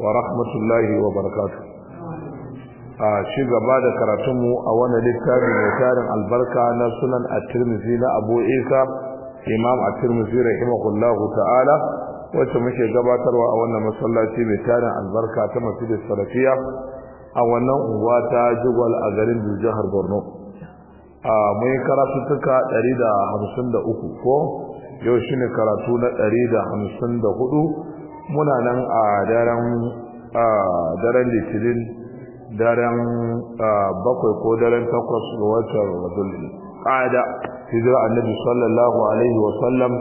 wa rahmatullahi wa barakatu a shi gaba da karatunmu a wani littafi mai tarin albarka na sunan at-tirmidhi na abu isa imam at-tirmidhi rahimahullahu ta'ala wacce muke gabatarwa a wannan masallaci mai tarin albarka ta masjid salafiya a wannan unguwa ta jigwal a garin jihar borno a mai karatuttuka 153 ko yau shine karatu na 154 muna nan a daren a daren litinin daren bakwai ko daren takwas ga watan radul qada hijira annabi sallallahu alaihi wa sallam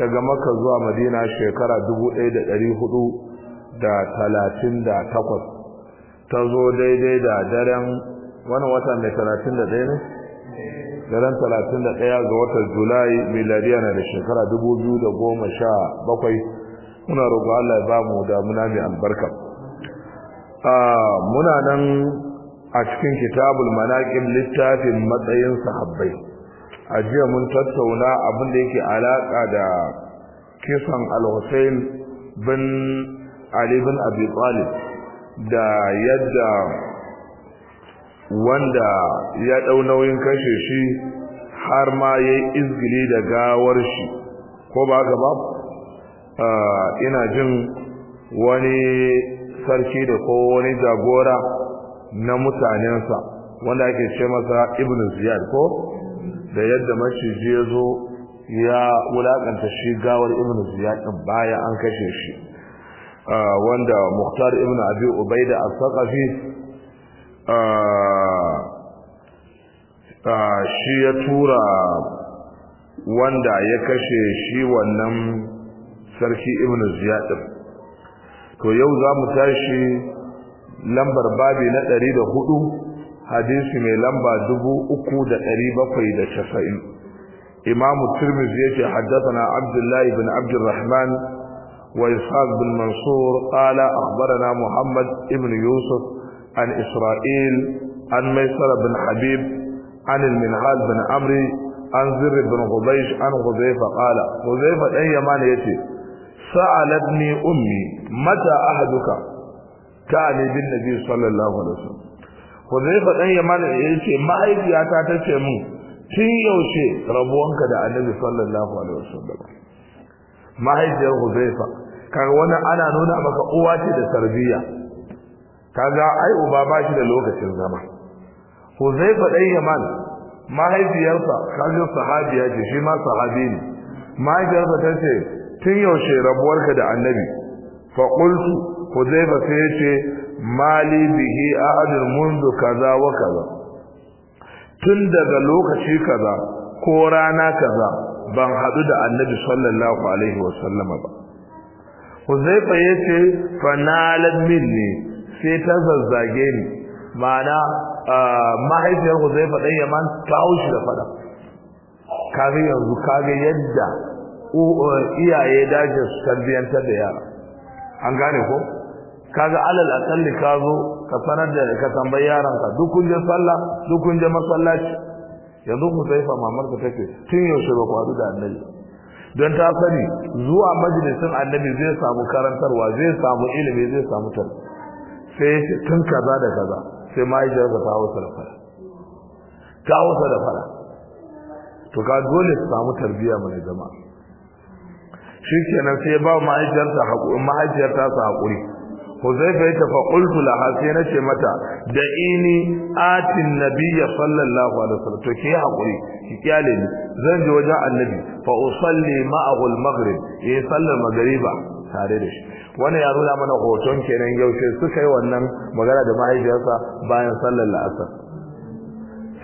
daga makka zuwa madina shekara 1438 ta zo daidai da daren wani wata mai 31 ne daren 31 ga watan julai miladiya na da shekara 2017 muna rogo Allah ya ba mu damuna mai albarka muna nan a cikin kitabul manaƙin littafin matsayin sahabbai a jiya mun tattauna abin da yake alaƙa da kisan al husayn bin ali bin abi talib da yadda wanda ya ɗau nauyin kashe shi har ma ya yi izgili da gawar shi ko ba ka ba Ah, ina jin wani sarki da ko wani jagora na mutanensa wanda ake ce masa ibn ziyad ko da yadda maciji ya zo ya wulaƙanta shi gawar ibn ziyad din baya an kashe shi ah, wanda muhtar ibn abi ubaida as-saqafi ah, shi ya tura wanda ya kashe shi wannan sarki ibn ziyad to yau zamu tashi lambar babi na ɗari da hudu hadisi mai lamba dubu uku da ɗari bakwai da haddathana Imamu ibn abd alrahman wa ishaq bin bin mansur qala akhbarana muhammad ibn yusuf an isra'il an maysar bin habib عن المنعال بن عمري عن زر بن غضيش عن غضيفة قال غضيفة أي مانيتي sa'alatni ummi mata ahaduka ta ali bin nabi sallallahu alaihi wasallam Hudhaifa ya Yaman yace mahaifiyata ta ce mu tun yaushe rabuwanka da Annabi sallallahu alaihi wasallam mahaifiyar Huzaifa, kaga wani ana nuna maka uwa ce da tarbiyya kaga ai uba ba shi da lokacin zama Hudhaifa dan Yaman mahaifiyarsa kaga sahabiya ce shi ma sahabi ne mahaifiyarsa ta ce tun yaushe rabuwarka da annabi fa qultu huzaifa sai yace mali bihi adin mundu kaza wa kaza tun daga lokaci kaza ko rana kaza ban hadu da annabi sallallahu alaihi wa sallama ba huzaifa yace fa nalat minni sai ta zazzage ni ma'ana mahaifiyar huzaifa dan yaman ta haushi da fada kage yanzu kage yadda Eh, iyaye daji su tarbiyyantar da yara an gane ko kaga alal akalli ka zo ka sanar da ka tambayi yaran ka duk kun je sallah duk kun je masallaci yanzu ku sai fa mamar ka take tun yaushe ba ku da annabi don ta sani zuwa majalisin annabi zai samu karantarwa zai samu ilimi zai samu tar sai ce tun kaza da kaza sai mahaifiyar ka ta hausa da fara da fara to ka dole su samu tarbiyya mai jama'a shi kenan sai ba mahaifiyarsa haƙuri mahaifiyarta sa haƙuri huzaifa ita fa qultu laha sai na ce mata da ini atin nabiyya sallallahu alaihi wasallam to ki haƙuri ki kyale ni zan je wajen annabi fa usalli ma'ahu al-maghrib ya sallar maghriba tare da shi wannan ya nuna mana hoton kenan yaushe suka yi wannan magana da mahaifiyarsa bayan sallar la'asar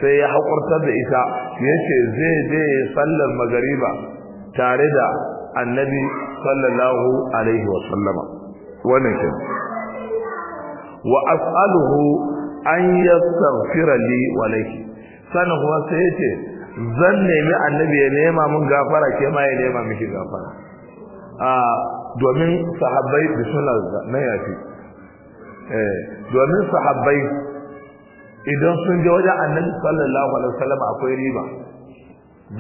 sai ya haƙurtar da ita yace zai je sallar magariba tare da annabi sallallahu alaihi wa sallama wannan kin wa as'aluhu an yastaghfira li wa laki sanan kuma sai yace zan nemi annabi ya nema mun gafara ke ma ya nema miki gafara a domin sahabbai bismillah na yafi eh domin sahabbai idan sun je wajen annabi sallallahu alaihi wasallam akwai riba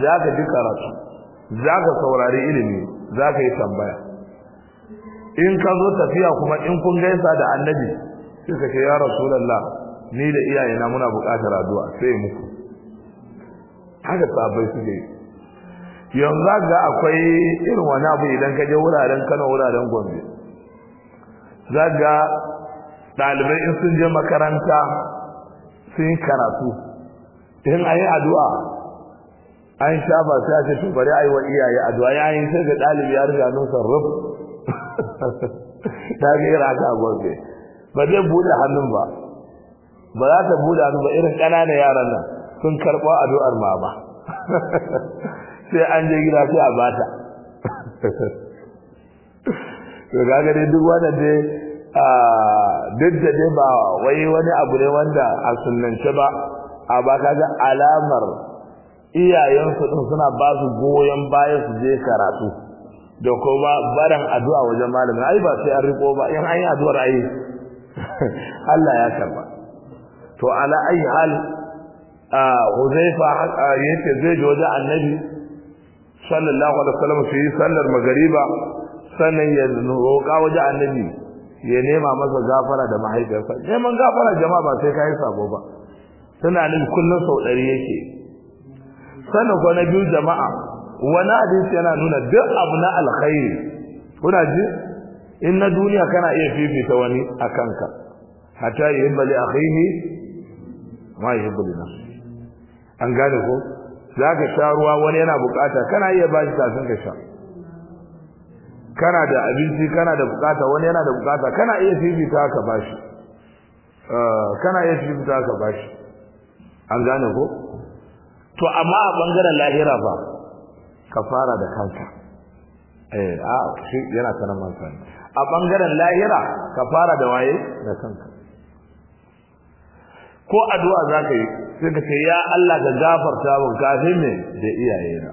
za ka ji karatu za ka saurari ilimi za ka yi tambaya in ka zo tafiya kuma in kun gaisa da annabi sai ka ce ya rasulallah ni da iyayena muna buƙatar addu'a sai muku haka sabai suke yi yanzu ga akwai irin wani abu idan ka je wuraren kano wuraren gombe za ga ɗalibai in sun je makaranta sun karatu in a yi addu'a an shafa sai a to bari a yi wa iyaye addu'a yayin sai ga dalibi ya riga nan sarruf da ga irin haka a ba zai bude hannun ba ba za ta bude hannun ba irin kananan yaran nan sun karɓo addu'ar mama sai an je gida sai a bata to ga ga duk wanda dai a duk da dai ba wai wani abu ne wanda a sunnance ba a ba kaga alamar iyayensu ɗin suna ba su goyon baya su je karatu da kuma barin addu'a wajen malamin ai ba sai an riko ba in an yi addu'ar ai Allah ya karba to ala ayi hal Huzaifa yake zai je wajen Annabi sallallahu alaihi wasallam su sallar magariba sannan ya roƙa wajen Annabi ya nema masa gafara da mahaifiyarsa neman gafara jama'a ba sai kai sabo ba Suna nan kullun sau ɗari yake sannan ko na biyu jama'a wani hadisi yana nuna duk abu na alkhairi kuna ji in na duniya kana iya fifita wani a kanka hatta yuhibba li akhihi ma yi li na. an gane ko za ka sha ruwa wani yana bukata kana iya ba shi kafin ka sha kana da abinci kana da bukata wani yana da bukata kana iya fifita ka ba shi eh, kana iya fifita ka ba shi an gane ko to amma a bangaren lahira ba ka fara da kanka eh a shi yana kana mansa a bangaren lahira ka fara da waye da kanka ko addu'a zaka yi sai ka ce ya Allah ka gafarta wa kafin ne da iyayena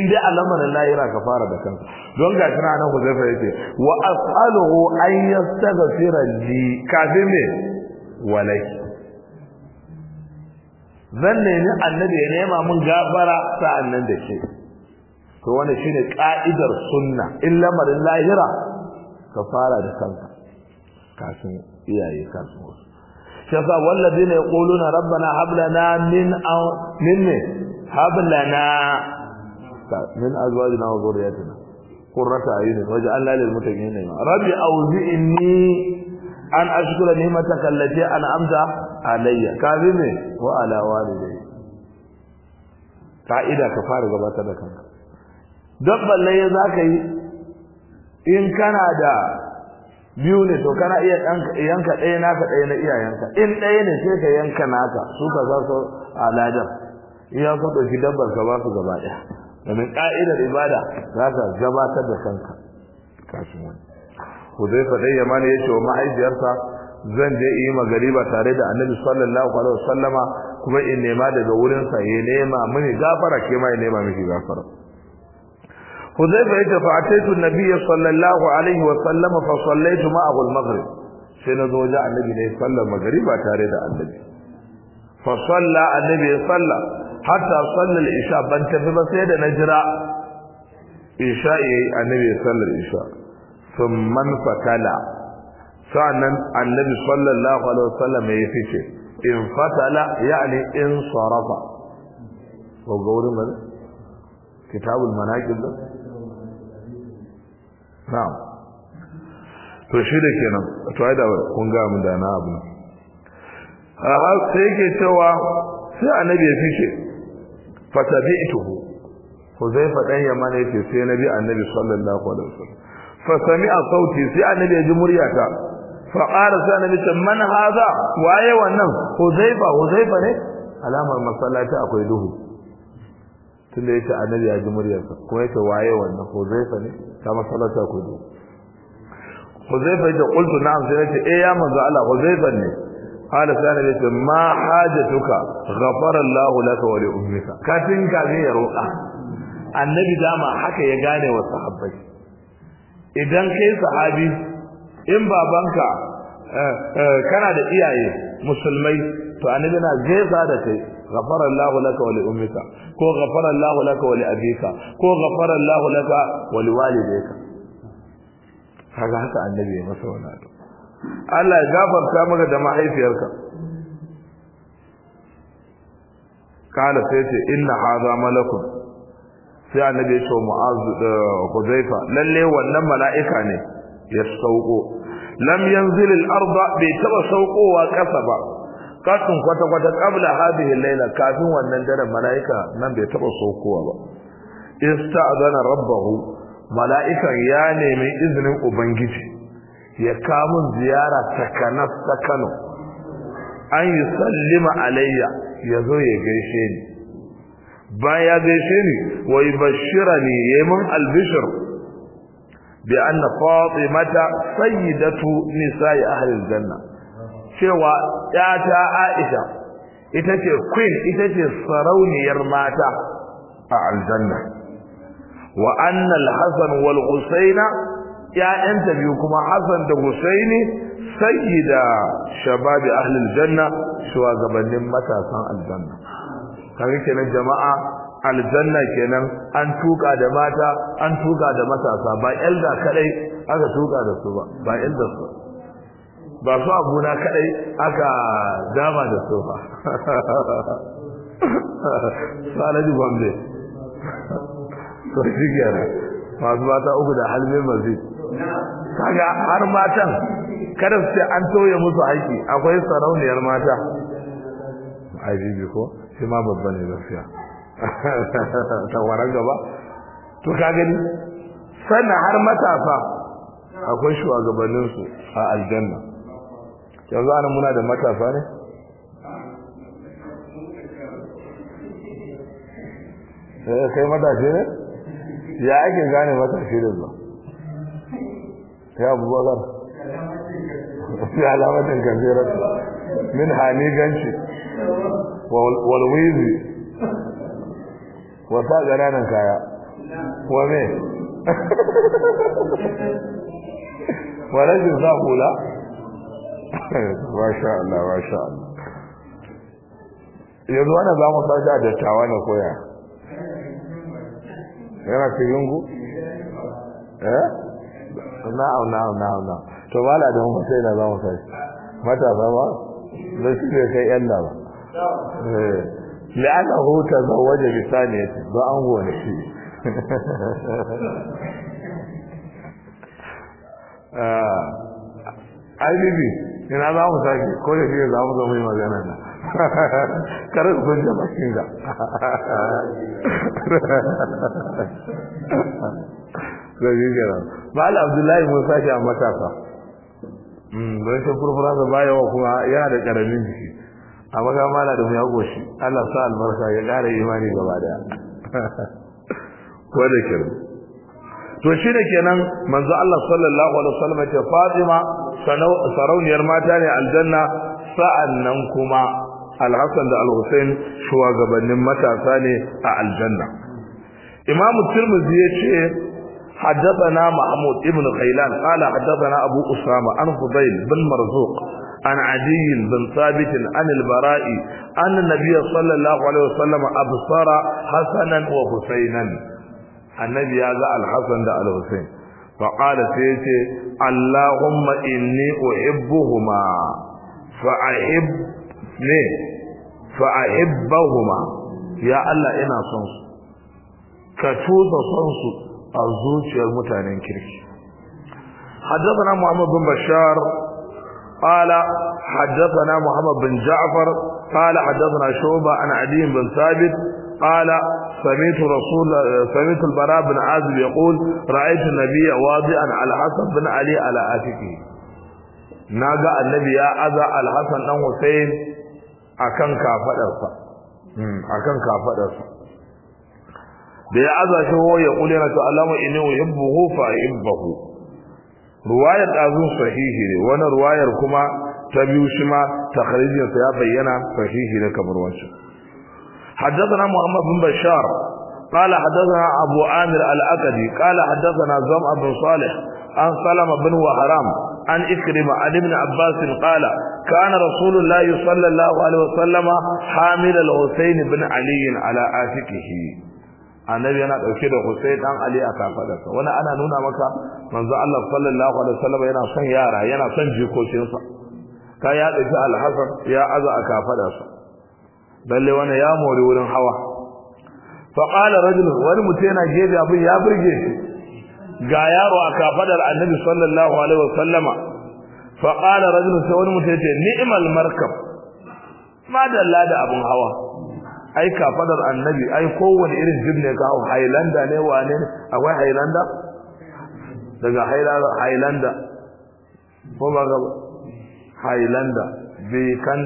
in dai alamar lahira ka fara da kanka don ga kana nan Huzaifa yake. wa as'aluhu an yastaghfira li kafin ne walai zan nemi annabi ya nema mun gafara sa'annan da ke to wannan shine ka'idar sunna in lamarin lahira ka fara da kanka kafin iyaye kafin wasu shi yasa wallazina yaquluna rabbana hab lana min min hab lana min azwajina wa dhurriyyatina qurrata ayunin waj'alna lil muttaqina rabbi awzi'ni an ashkura ni'mataka allati an'amta alayya ka bi ne wa ala walidai ka'ida ka fara gabatar da kanka don balle ya za yi in kana da biyu ne to kana iya yanka ɗaya naka ɗaya na iyayenka in ɗaya ne sai ka yanka naka su ka za su aladar iya ku ɗauki dabbar ka ba su gaba ɗaya domin ƙa'idar ibada za ka gabatar da kanka kafin wani Huzaifa dai ya ce wa mahaifiyarsa zan je yi magariba tare da annabi sallallahu alaihi wasallama kuma in nema daga wurin sa ya nema mini gafara ke mai nema miki gafara Hudayfa ita fa ataitu nabiyyi sallallahu alaihi wasallama fa sallaitu ma'ahu al-maghrib sai na zo wajen annabi ne sallar magariba tare da annabi fa salla annabi ya salla hatta sallal isha ban tafi ba sai da na jira isha yayi annabi ya sallar isha thumma fakala. sa'annan annabi sallallahu alaihi wasallam ya fice in fatala yani in sarafa ko gauri mana kitabul manaqib da na'am to shi da kenan to ai da kun ga mun da na abu a sai yake cewa sai annabi ya fice fatabi'tuhu fada ya mana yace sai nabi annabi sallallahu alaihi wasallam fa sami'a sauti sai annabi ya ji muryata fa qala sai annabi ce man haza waye wannan huzaifa huzaifa ne alamar masallaci akwai duhu tunda yake annabi ya ji muryarsa kuma yake waye wannan huzaifa ne ta masallaci akwai duhu huzaifa ya qultu na'am sai yake eh ya manzo Allah huzaifa ne qala sana annabi ma hajatuka ghafara Allah laka wa li ummika ka tinka ne ya roƙa annabi dama haka ya gane wa sahabbai idan kai sahabi in babanka eh, eh, kana da iyaye musulmai to annabi na gaisa da kai غفر الله لك ولأمك كو غفر الله لك ولأبيك كو غفر الله لك ولوالديك kaga haka annabi ya masa wannan abu Allah ya gafarta maka da mahaifiyarka kana sai ce inna hadha malakun sai annabi ya ce da kuzaifa eh, lalle wannan mala'ika ne ya sauko lam yanzil al-arda bai taɓa saukowa ƙasa ba kafin kwata kwata kabla hadhihi al-laila kafin wannan daren malaika nan bai taba saukowa ba ista'zana rabbahu mala'ikan ya nemi izinin ubangiji ya kamun ziyara takanas ta Kano an yi sallima alayya ya zo ya gaishe ni bayan ya gaishe ni wai bashira ne ya yi albishir bi mata fatimata sayyidatu nisa'i ahli janna. cewa yata aisha ita ce queen ita ce sarauniyar mata a aljanna wa anna Hassan wal husaina ya'yanta biyu kuma Hassan da husaini da shababi ahli janna shugabannin matasan aljanna kare kenan jama'a aljanna kenan an tuka da mata an tuka da matasa ba elda kadai aka tuka da su ba ba elda su ba su abuna kadai aka dama da su ba ji gombe to shi kenan masu mata uku da halmin mazi kaga har matan kada su ce an toye musu aiki, akwai sarauniyar mata ajibi ko shi ma babba ne gaskiya tawaran gaba to ka gani sannan har matasa akwai shugabanninsu a aljanna yanzu ana muna da matasa ne eh, kai matashi ne ya ake gane matashi da zuwa ya abubakar ya alamatin kafirar min haniganci walwizi wa sa ƙananan kaya wa me wa rashin sa hula masha Allah masha Allah yanzu wannan za mu sashi da dattawa ne koya yana cikin ku eh na'am na'am na'am na'am to ba la da mu sai na za mu sashi matasa ba zai shi kai yan da ba eh la'annahu tazawwaja bi saniyati ba an gone shi ah ai bibi ina za mu sake ko da shi za mu zo mu yi magana nan karar kun da bakin ga zai gara ba al abdullahi musa shi a matasa don shi furfura da bayawa kuma yana da karamin jiki amma ga mala da mu ya goshi Allah sa albarka ya ƙara imani gaba daya ko da kiru to shi da kenan manzo Allah sallallahu alaihi wasallam ce Fatima sarauniyar mata ne aljanna sa'annan kuma Al-Hassan da Al-Hussein shugabannin matasa ne a aljanna Imam Tirmidhi yace حدثنا محمود ابن غيلان قال حدثنا أبو أسامة عن فضيل بن مرزوق عن عدي بن ثابت عن البراء أن النبي صلى الله عليه وسلم أبصر حسنا وحسينا النبي هذا الحسن ده الحسين فقال سيتي اللهم إني أحبهما فأحب ليه فأحبهما يا الله إنا صنص كتوز صنص الزوج والمتعنين كريك حدثنا محمد بن بشار قال حدثنا محمد بن جعفر قال حدثنا شوبة عن عدي بن ثابت قال سمعت رسول سمعت البراء بن عازب يقول رأيت النبي واضعا على حسن بن علي على آتكه نادى النبي يا أذى الحسن بن حسين أكن كافدرسا أكن كافدرسا da ya aza shi ho ya kule na ruwayar ɗazun sahihi ne wani ruwayar kuma ta biyu shi ma takharijinsa ya bayyana sahihi ne kamar wancan حدثنا محمد بن بشار قال حدثنا أبو عامر الأكدي قال حدثنا زمع بن صالح عن سلمة بن وهرام عن إكرمة عن ابن عباس قال كان رسول الله صلى الله عليه وسلم حامل الحسين بن علي على آتكه annabi yana ɗauke da Husayn Ɗan Ali a kafadarsa wani ana nuna maka manzo Allah sallallahu alaihi wasallam yana son yara yana son jikokinsa ka ya dauki al ya aza a kafadarsa balle wani ya mori wurin hawa fa qala rajul wani mutum yana gefe abin ya burge shi ga yaro a kafaɗar annabi sallallahu alaihi wasallama fa qala sai wani mutum ya ce ni'imal markab madalla da abin hawa ai kafadar annabi ai kowane irin jib ne ka hau hailanda ne wane ne akwai hailanda daga hailanda ko ba ga hailanda kan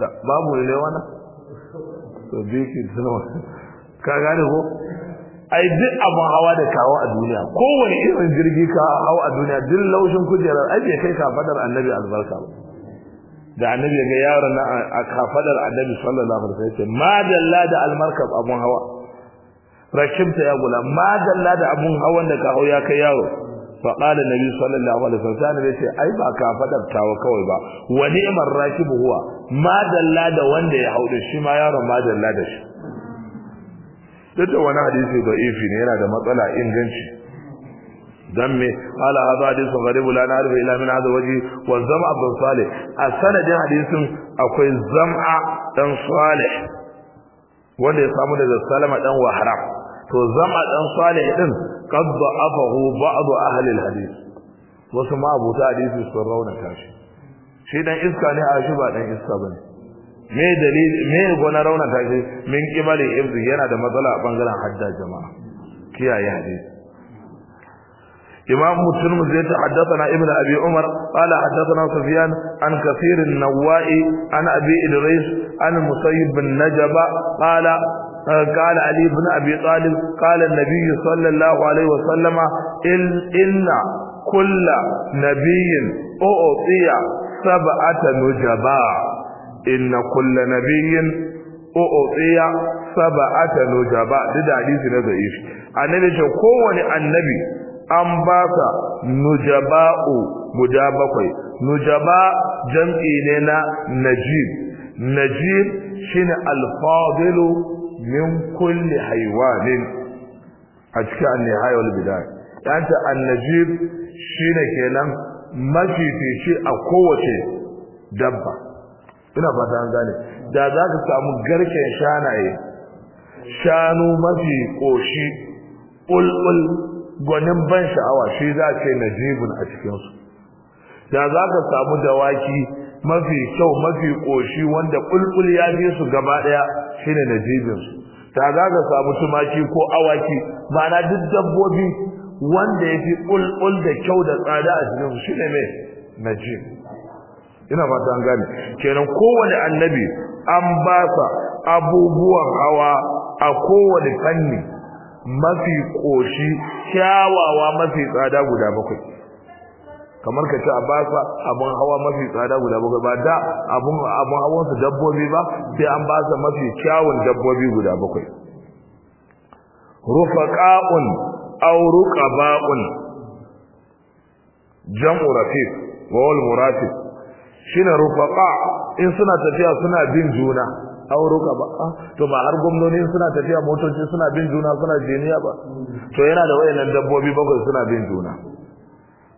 da babu ne wannan to bikin tunawa ka gane ko ai duk abin hawa da kawo a duniya kowane irin jirgi ka hau a duniya duk laushin kujerar ai bai kai kafadar annabi albarka ba da annabi ya ga yaron na a kafadar annabi sallallahu alaihi wasallam yace ma dalla da almarkab abun hawa rakimta ya gula ma dalla da abun hawan da ka hau ya kai yaro fa qala nabi sallallahu alaihi wasallam ce, ai ba kafadar tawa kawai ba wa ni'mar rakibu huwa ma dalla da wanda ya hau da shi ma yaron ma dalla da shi duk da wani hadisi da ifi ne yana da matsala inganci dan me qala hadha hadithun gharib la na'rifu ila min hadha waji wa zam'a bin salih a sanadin hadisin akwai zam'a dan salih wanda ya samu daga salama dan wahara. to zam'a dan salih din qad da'afahu ba'd ahli alhadith wasu ma abuta hadisi sun rauna tashi. shi dan iska ne a shi ba dan iska bane me dalil me gona rauna tashi min kibali ibdi yana da matsala a bangaren hadda jama'a kiyaye hadisi إمام الترمذي حدثنا ابن أبي عمر قال حدثنا سفيان عن كثير النوائي عن أبي إدريس عن المسيب بن نجب قال قال علي بن أبي طالب قال النبي صلى الله عليه وسلم إن, إن كل نبي أعطي سبعة نجبا إن كل نبي أعطي سبعة نجبا ده حديث نزعيش النبي kowane annabi an ba ka nujaba'u guda bakwai nujaba jam'i ne na najib najib shine alfadilu min kulli haywanin a cikin annihaya wal bidaya yanta annajib shine kenan mafifici a kowace dabba ina ba an gane da za ka samu garken shanaye shanu mafi koshi ƙulƙul gwanin ban sha'awa shi za a ce jibin a cikinsu da za ka samu dawaki mafi kyau mafi ƙoshi wanda ƙulƙul ya fi su gaba ɗaya shi ne na jibinsu da za ka samu tumaki ko awaki ma'ana duk dabbobi wanda ya fi ƙulƙul da kyau da tsada a cikinsu shi ne mai jib ina fata an gane kenan kowane annabi an ba sa abubuwan hawa a kowane fanni mafi ƙoshi kyawawa mafi tsada guda bakwai kamar ka ci abasa abun hawa mafi tsada guda bakwai ba da abun abun hawan su dabbobi ba sai an basa mafi kyawun dabbobi guda bakwai rufaqa'un aw ruqaba'un jam'u rafiq wa wal muratib shine rufaqa in suna tafiya suna bin juna auruka ba ah, to ba har gwamnoni suna tafiya motoci suna bin juna suna jiniya ba to yana da wayannan dabbobi bakwai suna bin juna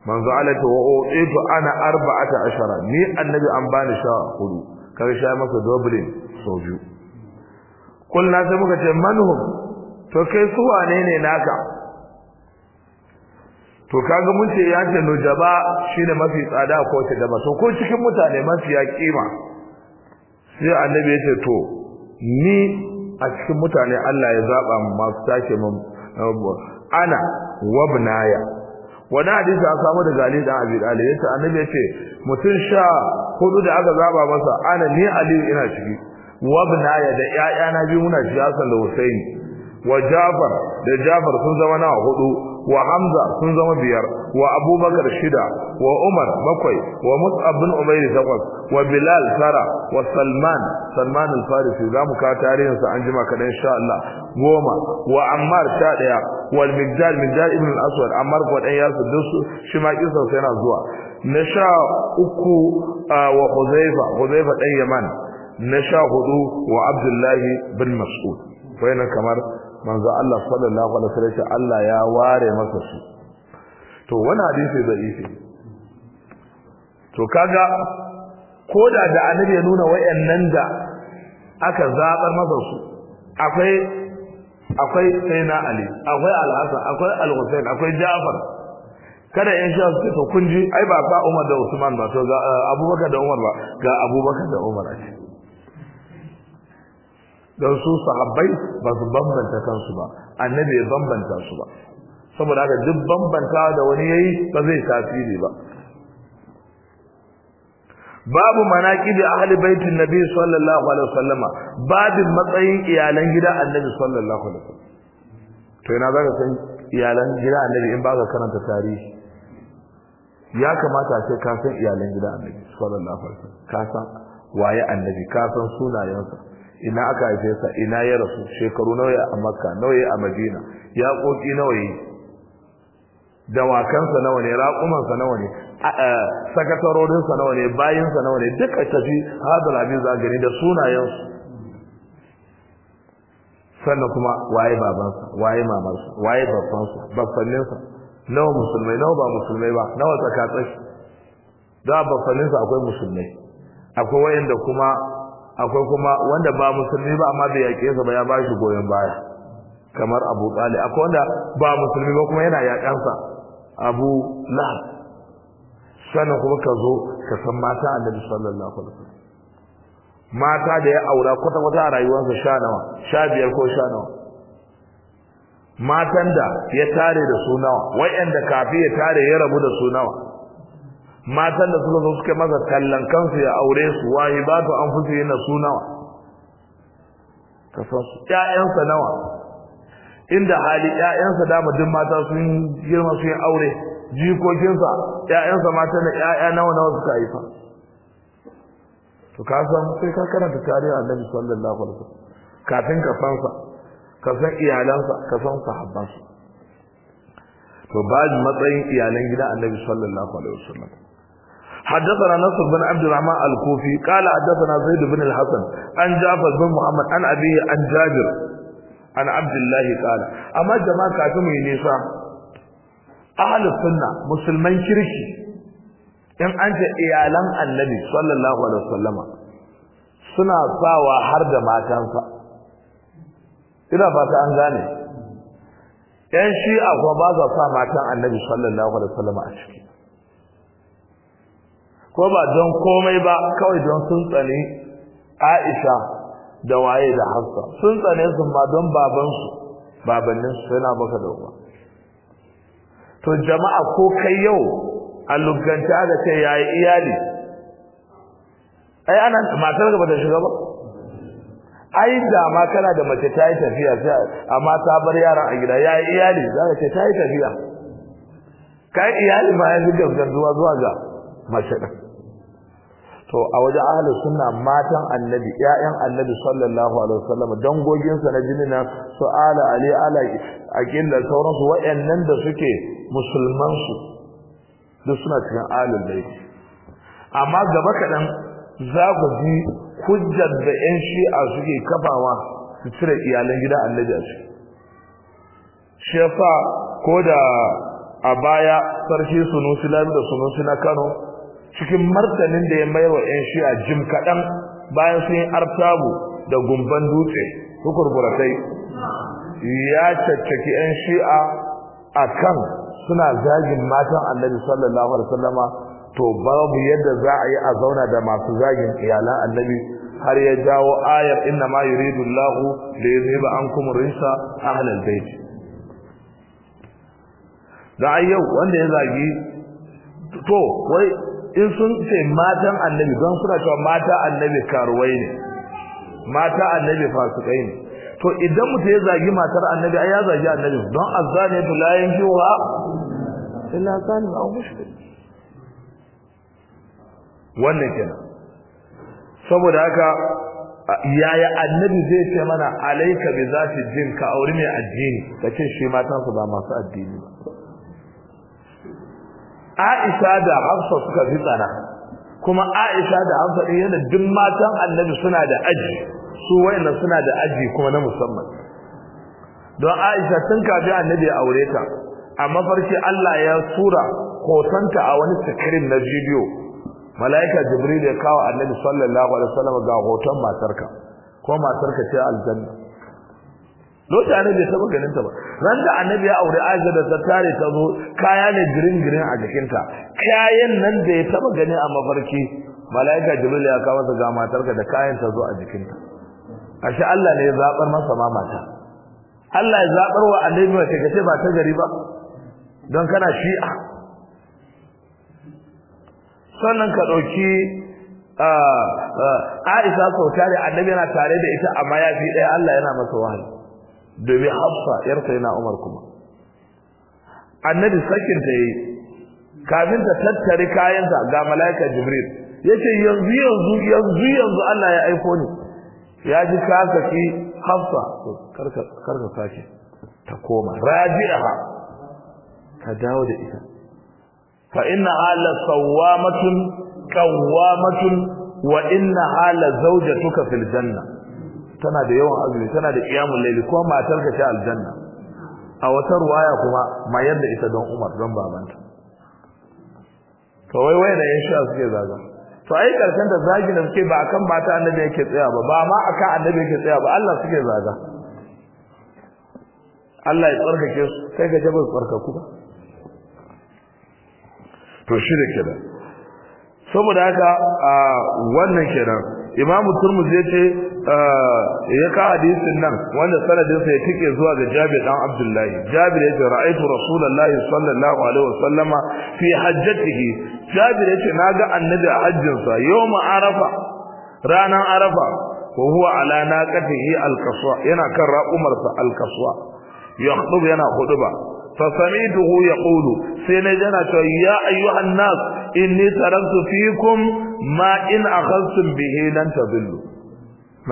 manzo alata wa uitu ana arba'ata ashara ni annabi an bani sha hudu kai sha masa doubling so biyu kullu sai muka ce manhum to kai su wane ne naka to kaga mun ce ya ce nujaba shine mafi tsada ko ta dama to ko cikin mutane mafi ya kima sai annabi ya ce to ni a cikin mutane Allah ya zaba masu tashi mu ana wabnaya wani hadisi an samu da Ali da Abi Talib yace annabi ce mutum sha hudu da aka zaba masa ana ni Ali ina ciki wabnaya da ƴaƴana biyu muna shi Hassan da Husaini wa Jafar da Jafar sun zama nawa hudu wa hamza sun zama biyar wa abubakar shida wa umar bakwai wa mus'ab bin takwas wa bilal tara wa salman salman al-farisi zamu ka tarihin sa an jima kadan insha Allah goma wa ammar sha daya wal migdal migdal ibn al-aswad ammar ko dan yasu dusu shi ma kisan sai yana zuwa na sha uku wa huzaifa huzaifa dan yaman na sha hudu wa abdullahi bin mas'ud wayanan kamar manzo Allah sallallahu alaihi wasallam Allah ya ware masa su to wannan hadisi da ife to kaga koda da annabi ya nuna wayannan da aka zabar masa su akwai akwai sayyidina ali akwai al-hasan akwai al-husayn akwai ja'far kada in sha su to kun ji ai ba ba Umar da Usman ba to ga eh, Abubakar da Umar ba ga Abubakar da Umar ake don su sahabbai ba su bambanta kansu ba annabi ya bambanta su ba saboda haka duk bambanta da wani yayi ba zai tasiri ba babu da ahli baitin nabi sallallahu alaihi wasallama babin matsayin iyalan gida annabi sallallahu alaihi wasallam to ina zaka san iyalan gida annabi in ba ka karanta tarihi ya kamata sai ka san iyalan gida annabi sallallahu alaihi wasallam ka san waye annabi ka san sunayensa ina aka haife sa ina ya rasu shekaru nawa a makka nawa a madina ya koki nawa yi dawakansa nawa ne raƙumansa nawa ne sakatarorinsa nawa ne bayinsa nawa ne duka tafi hadal abin za gani da sunayensu sannan kuma waye babansa waye mamarsa waye babbansa babbanninsa nawa musulmai nawa ba musulmai ba nawa tsakatsaki da babbanninsa akwai musulmai akwai wayanda kuma akwai kuma wanda ba musulmi ba amma bai yaƙe sa ba ya bashi goyon baya kamar Abu Talib akwai wanda ba musulmi ba kuma yana yaƙan sa Abu Lahab sanan kuma ka zo ka san mata Annabi sallallahu alaihi wasallam mata da ya aura kwata kwata a rayuwarsa sha nawa sha biyar ko sha nawa matan da ya tare da su nawa wa'anda kafi ya tare ya rabu da su nawa matan da suka zo suka masa kallon kansu ya aure su wahi ba ta an fusu yana su nawa ka san su ƴaƴansa nawa inda hali ƴaƴansa dama duk mata sun girma sun aure jikokinsa ƴaƴansa mata na ƴaƴa nawa nawa suka haifa to ka san sai ka karanta tarihin annabi sallallahu alaihi wasallam kafin ka san sa ka san iyalansa ka san sahabbansa to ba matsayin iyalan gida annabi sallallahu alaihi wasallam حدثنا نصر بن عبد الرحمن الكوفي قال حدثنا زيد بن الحسن عن جعفر بن محمد عن أبيه عن جابر عن عبد الله قال أما جماعة كاتم ينسى أهل السنة مسلمين شركي إن أنت إعلام النبي صلى الله عليه وسلم suna sawa har da matansa ina fata an gane yan shi'a kuma ba za sa matan annabi sallallahu alaihi wasallam a ciki ko ba don komai ba kawai don sun tsane Aisha da waye da Hafsa sun tsane su ma don baban su babannin su yana baka da uwa to jama'a ko kai yau a luganta aka ce yayi iyali ai ana matar gaba da shiga ba ai da ma kana da mace ta yi tafiya sai amma ta bar yaran a gida yayi iyali za ka ce ta yi tafiya kai iyali ma yanzu gaskar zuwa zuwa ga mace ɗin to a wajen ahlus suna matan annabi 'ya'yan annabi sallallahu alaihi wasallam dangogin sa na jini na su ala ali ala aqilla sauran su wayannan da suke musulman su duk suna cikin ahlul bait amma gaba kaɗan za ku ji hujjar da ƴan shi'a suke kafawa su cire iyalan gida annabi a ciki shi ko da a baya sarki sunusi lamida da sunusi na kano cikin martanin da ya mayar wa ‘yan shi'a jim kaɗan bayan sun yi artabu da gumban dutse tukurkuratai ya caccaki ‘yan shi'a a kan suna zagin matan annabi sallallahu alaihi Sallama, to babu yadda za a yi a zauna da masu zagin iyalan annabi har ya jawo ayar inna ma yuridu Allahu da ya an kuma rinsa ahlal bait da ayyau wanda ya zagi to wai in sun ce matan annabi don suna cewa mata annabi karuwai ne mata annabi fasikai ne to idan mutum ya zagi matar annabi ai ya zagi annabi don azzani to la yanjuha illa zalim aw shi wannan kenan saboda haka yaya annabi zai ce mana alayka bi zati jin ka aure mai addini kace shi matan su ba masu addini ba Aisha da Hafsa suka fi tsana kuma Aisha da Hafsa din yana duk matan Annabi suna da aji su wayannan suna da aji kuma na musamman don Aisha tun kafin Annabi ya aure ta a mafarki Allah ya tura hotonta a wani sikirin na bidiyo malaika Jibril ya kawo Annabi sallallahu alaihi wasallam ga hoton matarka ko matarka ce aljanna lokacin annabi bai taɓa ganin ta ba ran da annabi ya aure Aisha da ta tare ta zo kaya ne girin girin a jikinta kayan nan da ya taɓa gani a mafarki malaika Jibril ya kawo ta ga matarka da kayan ta zo a jikinta ashe Allah ne ya zabar masa ma mata Allah ya zabar wa annabi mace ce ba ta gari ba don kana shi'a sannan ka dauki Aisha sau tare annabi yana tare da ita amma ya fi ɗaya Allah yana masa wahayi domin hafsa yar sayyidina umar kuma annabi sakin ta yi kafin ta tattare kayansa ga malaika jibril yace yanzu yanzu yanzu yanzu Allah ya aiko ni ya ji ka saki hafsa to karka karka saki ta koma raji'aha ka dawo da ita fa inna ala sawamatun qawamatun wa inna ala zawjatuka fil janna tana da yawan azumi tana da qiyamul layli ko matar ka ta aljanna a wata ruwaya kuma mayar da ita don Umar don babanta to wai wai da yasha suke zaga to ai karshen da zagi da suke ba akan mata annabi yake tsaya ba ba ma akan annabi yake tsaya ba Allah suke zaga Allah ya tsarkake su kai ga jabal tsarkaku ba to shi da kenan saboda haka wannan kenan imam turmuzi ya ce ah, ya ka hadisin nan wanda sanadinsa ya tike zuwa ga jabir dan abdullahi jabir ya ce ra'aytu rasulullahi sallallahu alaihi wasallama fi hajjatihi jabir ya ce naga annabi a hajjinsa Yau arafa ranan arafa wa huwa ala naqatihi alqaswa yana kan raqumarsa alqaswa yakhutub yana khutba fa sami'tuhu yaqulu sai na yana cewa ya ayyuhan nas inni taraktu fikum ma in akhadtum bihi lan tadillu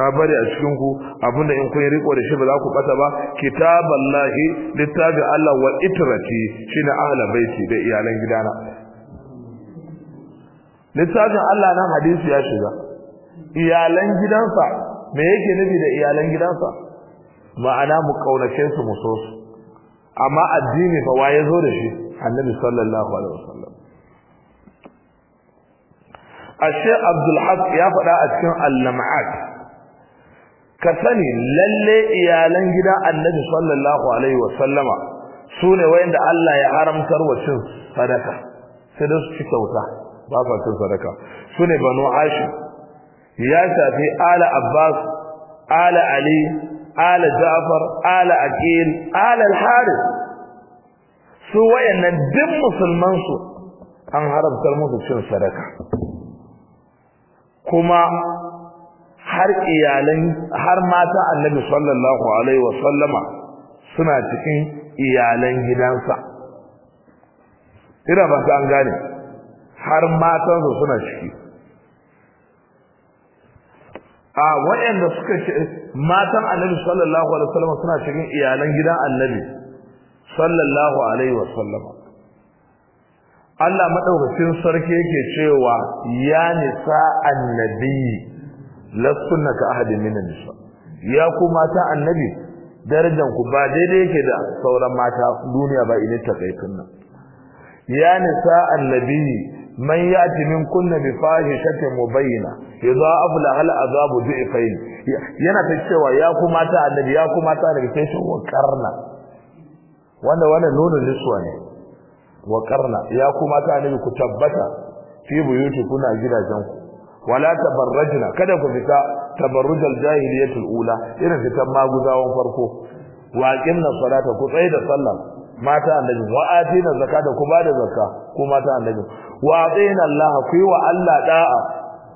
na bari a cikin ku abinda in kun riko da shi ba za ku bata ba kitaballahi littafin Allah wa itrati shine ahla baiti da iyalan gidana littafin Allah nan hadisi ya shiga iyalan gidansa me yake nufi da iyalan gidansa ma'ana mu kaunace su mu so su amma addini fa waye zo da shi annabi sallallahu alaihi wasallam ashe abdul haq ya faɗa a cikin al-lam'at ka sani lalle iyalan gida annabi sallallahu alaihi wa sallama sune wayanda Allah ya haramtar cin sadaka sai da ba sa cin sadaka sune banu hashim ya shafi ala abbas ala ali ala ja'far ala aqil ala al-harith su wayannan duk musulmansu an haramtar musu cin sadaka kuma har iyalan har mata annabi sallallahu alaihi wa sallama suna cikin iyalan gidansa ina ba ta an gane har su suna ciki a waɗanda suka ce matan annabi sallallahu alaihi wa sallama suna cikin iyalan gidan annabi sallallahu alaihi wa sallama. Allah madaukakin sarki yake cewa ya nisa annabi lastunna ka ahadin minan nisa ya ku mata annabi darajan ku ba daidai yake da sauran mata duniya ba idan ta kai kunna ya nisa annabi man ya'ti min kunna bi fahishatin idza yudha'af laha al'azabu du'ifayn yana ta cewa ya ku mata annabi ya ku mata daga sai wa karna wanda wanda nono niswa ne wa karna ya kuma ta annabi ku tabbata fi buyuti kuna gidajen ku wala tabarrajna kada ku fita tabarrujal jahiliyatul ula irin fitan maguzawan farko wa aqimna salata ku tsaye da sallah mata annabi wa atina zakata ku bada zakka ku mata annabi wa atina allah ku wa allah da'a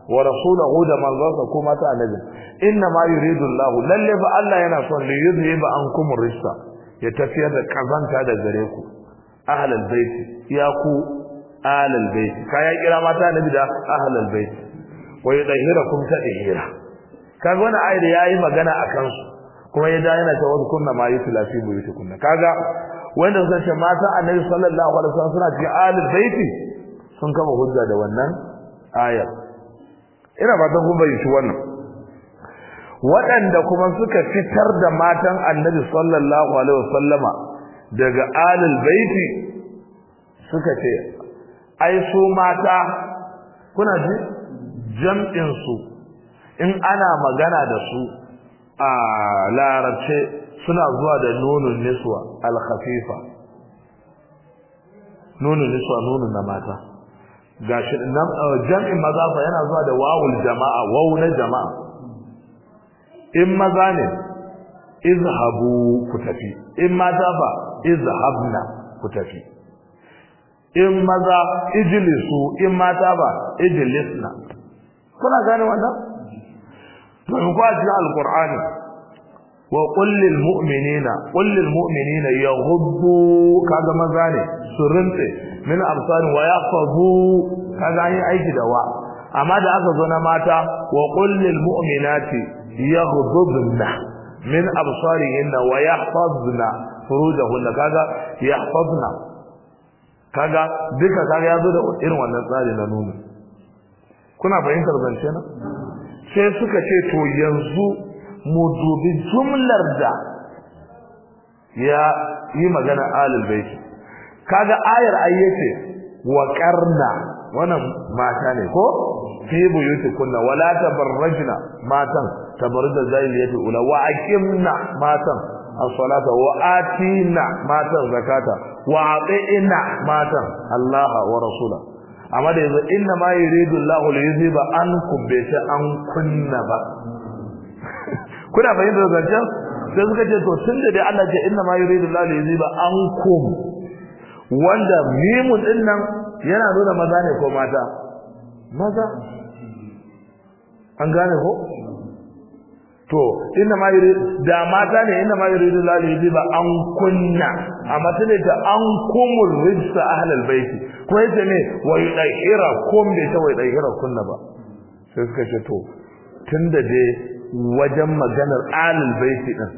wa rasulahu da manzonsa ku mata annabi inna ma yuridu allah lalle fa allah yana son li yuzhiba ankum rissa ya tafiyar da kazanta da gare ku ahlal bait ya ku ahlal bait ya kira mata nabi da ahlal bait wa yudahirakum tadhira kaga wannan da yayi magana akan su kuma ya da yana tawar kunna ma yutla fi buyutikunna kaga wanda sun ce mata annabi sallallahu alaihi wasallam suna cikin ahlal bait sun kama hujja da wannan ayar ina ba ta kun shi wannan waɗanda kuma suka fitar da matan annabi sallallahu alaihi wasallama daga alil baiti suka ce ai su mata kuna ji jam'in su in ana magana da su a larabce suna zuwa da nonon niswa al-khafifa nonon niswa nonon na mata gashi jam'in maza fa yana zuwa da wawul jama'a wawu na jama'a in maza ne izhabu ku tafi in mata fa. izhabna ku tafi in maza ijlisu in mata ba ijlisna kuna gane wannan to in ku ajiya alqur'ani wa qul lil mu'minina qul lil mu'minina yaghuddu kaga maza ne surunte min absar wa yaqfu kaga yi aiki da wa amma da aka zo na mata wa qul lil mu'minati yaghdudna min absarihinna wa yahfazna furujahunna kaga yahfazna kaga duka kaga ya zo da irin wannan tsari na nuna kuna fahimtar zance na sai suka ce to yanzu mu dubi jumlar da ya yi magana alil bayti kaga ayar ayyace wa qarna wannan mata ne ko fi buyutikunna wala tabarrajna matan tabarrujal fi ula wa aqimna matan as-salata wa atina matan zakata wa atina matan Allah wa rasula amma da yanzu inna ma yuridu Allahu li yuziba ankum bi an kunna ba kuna fahimtar zancen sai suka ce to tunda dai Allah ce inna ma yuridu Allahu li yuziba ankum wanda mimun din nan yana nuna maza ne ko mata maza an gane ko to inna ma yuri da mata ne inna ma yuridu la ba an kunna amma tana ta an kumul rijsa ahlul baiti ko yace ne wa yudahira kum bai ta wa yudahira kunna ba sai suka ce to tunda je wajen maganar ahlul baiti din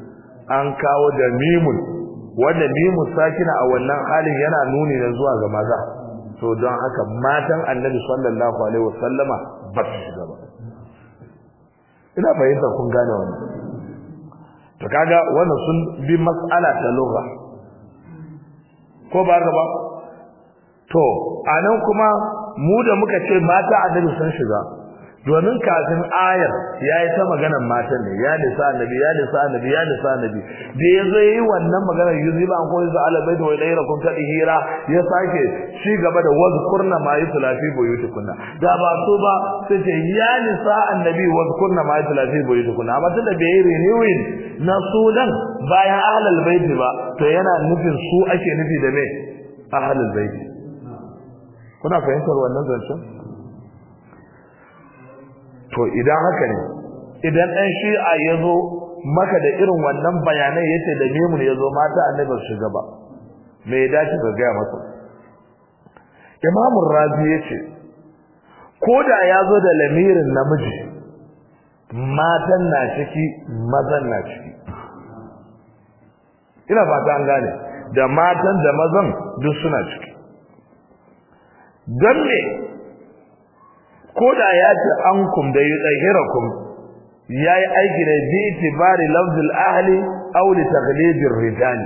an kawo da mimun wanda mimun sakina a wannan halin yana nuni da zuwa ga maza to don haka matan annabi sallallahu alaihi wasallama ba su shiga ba ina fahimta kun gane wannan to kaga wannan sun bi mas'ala ta lugha ko ba ba? to anan kuma mu da muka ce mata a annabi sun shiga domin kafin ayar ya yi ta maganar matan ne ya sa annabi ya sa annabi ya sa annabi da ya zai yi wannan maganar yuzi ba an koyi su ala bai da wani kun kaɗi hira ya sake shi gaba da wasu kurna ma yi tulafi boyu kunna? da ba su ba sai ce ya lisa annabi wasu kurna ma yi tulafi boyu kunna? amma tunda bai yi renewing na sunan bayan ahlal baiti ba to yana nufin su ake nufi da me ahlal baiti kuna fahimtar wannan zancen to idan haka ne idan ɗan shi'a ya zo maka da irin wannan bayanai ce da memun ya zo mata annabar shiga ba mai ya dace ka gaya masa imamun razi ya ce ko da ya zo da lamirin namiji matan na ciki mazan na ciki ina fata an gane da matan da mazan duk suna ciki don me ko da ya ce ankum da ya yi aiki da bi tibari lafzul ahli aw li taghlibir rijal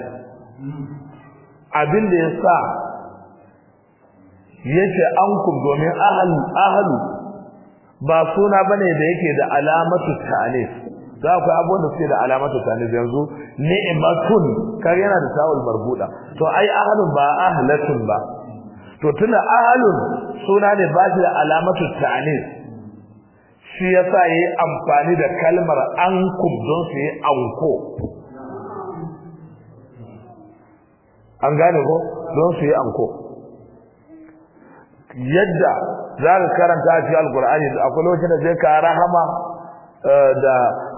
abin da yasa yace ankum domin ahli ahli ba suna bane da yake da alamatu ta'lif za ku abubuwan da suke da alamatu ta'lif yanzu ni'matun kar yana da tawul marbuda to ai ahlun ba ahlatun ba to tuna ahalun suna ne ba shi da alamatu tani shi yasa yayi amfani da kalmar ankum don su yi anko an gane ko don su yi anko yadda za ka karanta a cikin alkur'ani akwai lokacin da zai ka rahama da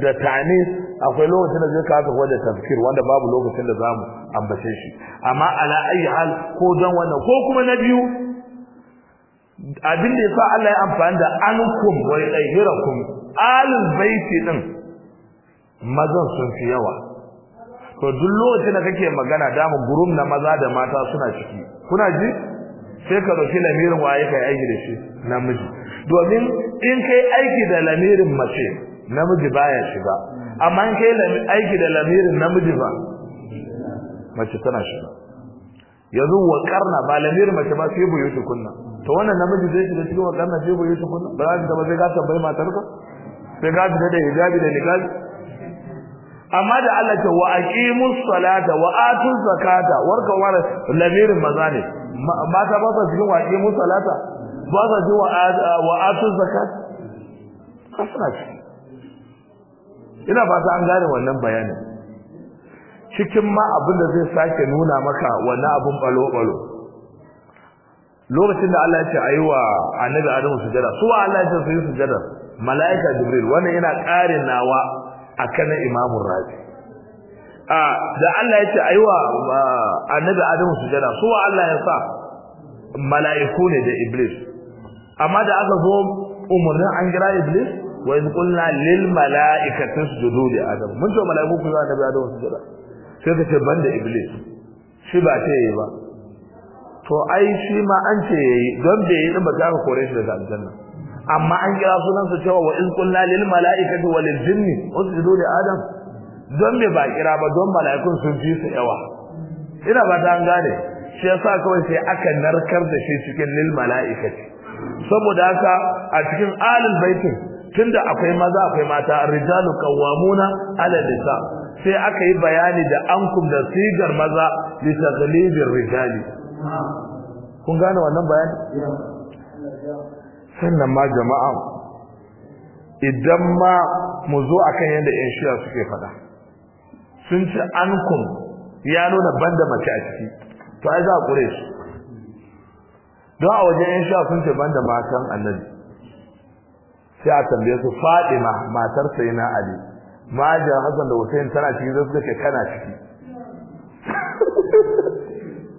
da tani akwai lokacin da zai kasa da tafkir wanda babu lokacin da zamu ambace shi amma ala ayi hal ko dan wannan ko kuma na biyu abin da yasa Allah ya amfani da ankum wa yahirakum alul baiti din mazan sun fi yawa to duk lokacin da kake magana da mu gurum na maza da mata suna ciki kuna ji sai ka dauki lamirin waye kai aiki da shi namiji domin in kai aiki da lamirin mace namiji baya shiga amma in kai aiki da lamirin namiji ba mace tana shiga yanzu wa karna ba lamirin mace ba sai buyutu kunna to wannan namiji zai shiga cikin wa karna sai buyutu kunna ba za ka ba zai ga tambayi matar ka sai ga da hijabi da niqabi amma da Allah ta wa aqimus salata wa atuz zakata warka wala lamirin maza ne mata ba sa cikin wa aqimus salata ba sa cikin wa atuz zakata kasra ce ina fata an gane wannan bayanin cikin ma abin da zai sake nuna maka wannan abin balo balo lokacin da Allah ya ce aiwa annabi Adamu sujada su Allah ya ce su yi sujada malaika jibril wannan yana ƙarin nawa A imamu razi a da Allah ya ce wa annabi adam sujada su wa Allah ya sa mala'iku ne da iblis amma da aka zo umurnin an gira iblis wa in qulna lil mala'ikati isjudu li adam mun ce mala'iku ku annabi su sujada sai ka ce banda iblis shi ba ce yayi ba to ai shi ma an ce yayi don bai yi ba za ka kore shi daga aljanna amma an kira sunan su cewa wa in qulna lil malaikati wal jinni usjudu li adam don me ba kira ba don mala'ikun sun fi su yawa ina ba ta an gane shi yasa kawai sai aka narkar da shi cikin lil malaikati saboda haka a cikin alul baitin tunda akwai maza akwai mata rijalu qawwamuna ala nisa sai aka yi bayani da ankum da sigar maza li taghlibir rijali kun gane wannan bayani sannan ma jama'a idan ma mu zo a kan yadda yan shiya suke fada sun ci kun ya nuna banda mace a ciki to ai za a kure su don a wajen yan shiya sun ce banda matan annabi sai a tambaye su fadima matar sai na ali mahajar hassan da hussein tana ciki zai suka ce kana ciki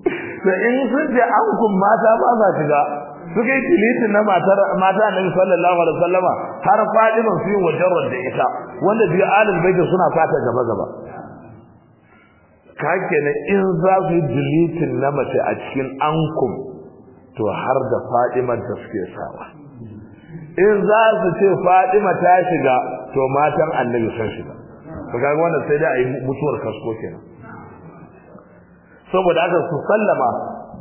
sai in sun ce an kun mata ba sa shiga suka yi tilitin na matar mata annabi sallallahu alaihi wasallama har fadima su yi wajen da ita wanda biyu alul baiti suna fata gaba gaba kake ne in za su yi dilitin na mace a cikin ankum to har da fadimar da suke sawa in za su ce fadima ta shiga to matan annabi sun shiga to kaga wannan sai da a yi mutuwar kasko kenan saboda haka su sallama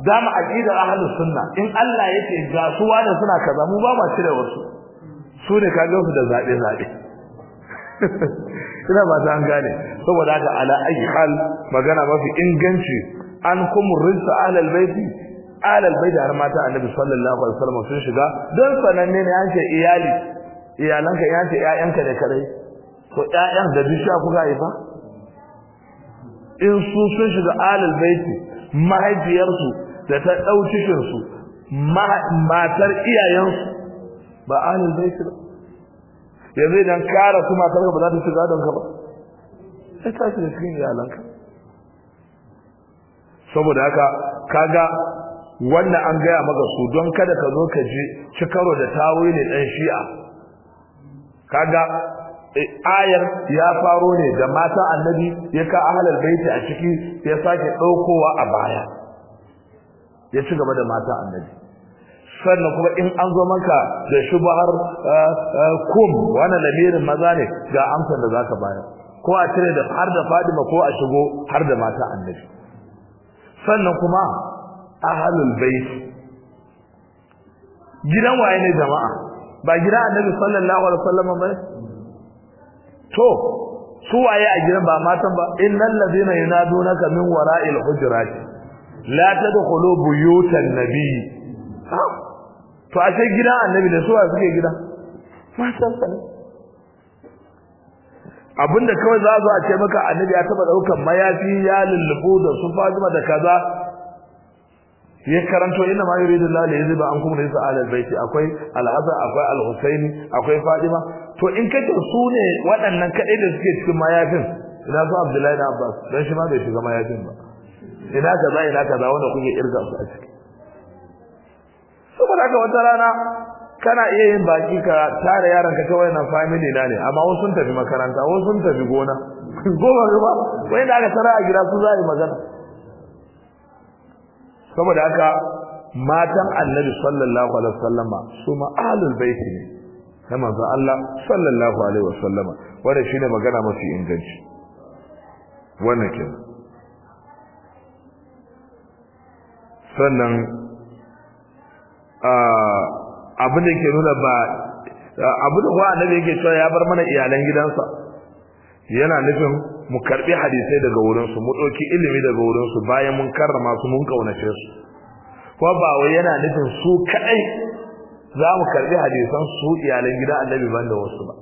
za mu aqida ahlus sunna in Allah yake gasuwa da suna kaza mu ba ma cire wasu su ne kaga su da zabe zabe ina ba ta gane saboda haka ala ayi hal magana mafi inganci an kum rizq ahlul baiti ahlul baiti har mata annabi sallallahu alaihi wasallam sun shiga dan sananne ne an ce iyali iyalanka ya ce ƴaƴanka da kare to ƴaƴan da bisha kuka haifa in su sun shiga ahlul baiti mahaifiyarsu da ta dau cikin su matar iyayensu ba ahlul bait ba yanzu idan kara su matar ka ba za ta ci gadon ka ba sai ta shiga cikin iyalanka saboda haka kaga wannan an gaya maka su don kada ka zo ka ji ci karo da tawili dan shi'a kaga e, ayar ya faro ne da mata annabi ya ka ahlul baiti a ciki ya sake daukowa a baya ya ci gaba da mata annabi sannan kuma in an zo maka da shubahar eh, eh, kum wannan lamirin maza ne ga amsar da zaka bayar ko a cire da har da Fadima ko a shigo har da mata annabi sannan kuma ahlul bait gidan waye ne jama'a ba gidan annabi sallallahu alaihi wasallam ba to su waye a gidan ba matan ba innal ladina yunadunaka min wara'il hujurati la tadkhulu buyutan nabi to a sai annabi da suwa suke gida ma san san abinda kawai za zo a ce maka annabi ya taba daukan mayafi ya lullubu da su Fatima da kaza ya karanto ina ma yuridu Allah la yuziba ankum laysa ala albayti akwai al-Hasan akwai al akwai Fatima to in kace su ne waɗannan kadai da suke cikin mayafin ina su Abdullahi da Abbas dan shi ma bai shiga mayafin ba ina kaza ina kaza wanda kuke irga su a ciki saboda haka wata rana kana iya yin baki ka tare yaran ka ta wayannan family na ne amma wasu sun tafi makaranta wasu sun tafi gona goma gaba wai da aka tsara a gida su za a yi magana saboda haka matan annabi sallallahu alaihi wasallam su ma ahlul bait ne na manzo Allah sallallahu alaihi wasallama wannan shine magana mafi inganci wannan kenan sannan ah, abin da ke nuna ba ah, abu da kuma annabi yake cewa ya bar mana iyalan gidansa yana nufin mu karbi hadisai daga wurin su mu dauki ilimi daga wurin su bayan mun karrama su mun kaunace su ko ba wai yana nufin su kadai za mu karbi hadisan su iyalan gida annabi ban da wasu ba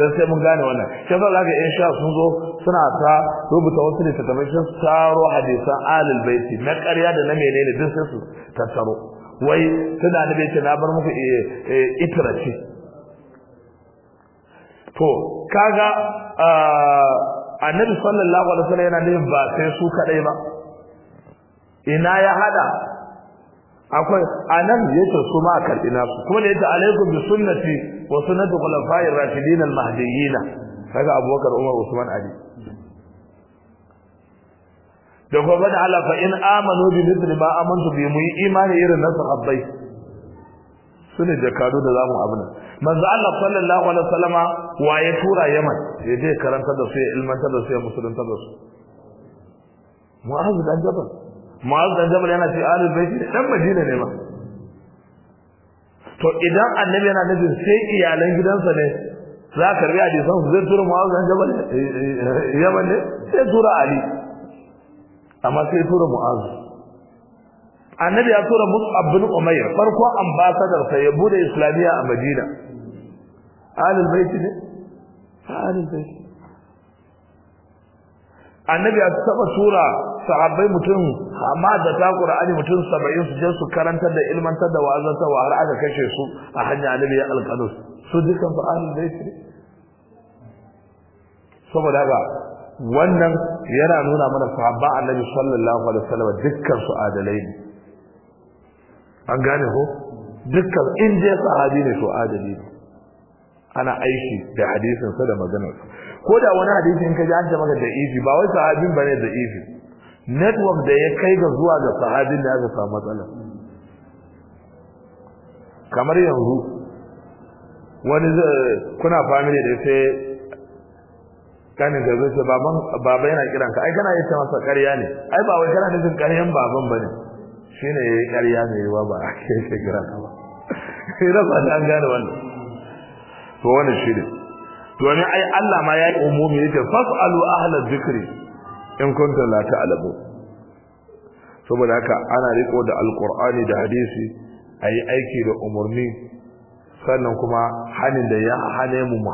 dan sai mun gane wannan kaza zaka insha sha sun zo suna ta rubuta wasu littattafai sun taro hadisan alil baiti na karya da na menene duk sai su tattaro wai suna da bai ce na bar muku eh, eh, itirace to kaga ah, annabi sallallahu alaihi wasallam yana nufin ba sai su kadai ba ina ya hada akwai anan yace su ma karbi nasu kuma da yace alaikum bi sunnati wa sunnati khulafa'ir rashidin al-mahdiyyin kaga abubakar umar usman ali da kuma da Allah fa in amanu bi mithli ma amantu bi mu yi imani irin na sahabbai sune jakadu da zamu abuna manzo Allah sallallahu alaihi wasallama wa ya tura Yaman ya je karanta da su ya ilmanta da su ya musulunta da su Mu'az dan Jabal Mu'az dan Jabal yana ci alu bait dan Madina ne ma to idan annabi yana nufin sai iyalan gidansa ne za ka riya da su zai tura Mu'az dan Jabal eh, eh, eh, Yaman ne sai tura Ali amma sai tura mu'azu annabi ya tura mus'ab bin umayr farko ambassador sai ya bude islamiya a madina ahlul bait ne ahlul bait annabi ya saba tura sahabbai mutum amma da ta qur'ani mutum 70 su je su karantar da ilmantar da ta wa har aka kashe su a hanya annabi ya alqadus su dukan fa ahlul bait ne saboda haka wannan yana nuna mana sahabba annabi sallallahu alaihi wasallam dukkan su adalai ne an gane ko dukkan in je sahabi ne to adali ne ana aiki da hadisin sa da maganar sa ko da wani hadisi in ka ji an ce maka da ifi ba wai sahabin bane da ifi network da ya kai ga zuwa ga sahabin da ya samu matsala kamar yanzu wani kuna family da sai kanin da zai baban baba yana kiran ka ai kana yi ta masa ƙarya ne ai ba wai kana nufin ƙaryan baban bane shine yayi ƙarya ne yawa ba a ake shi kiran ka ba sai da ba an gane wannan to wannan shine domin ai Allah ma ya yi umumi yake fasalu ahla dhikri in kuntum la ta'lamu saboda haka ana riko da alqur'ani da hadisi ai aiki da umurni sannan kuma hanin da ya hane mu mu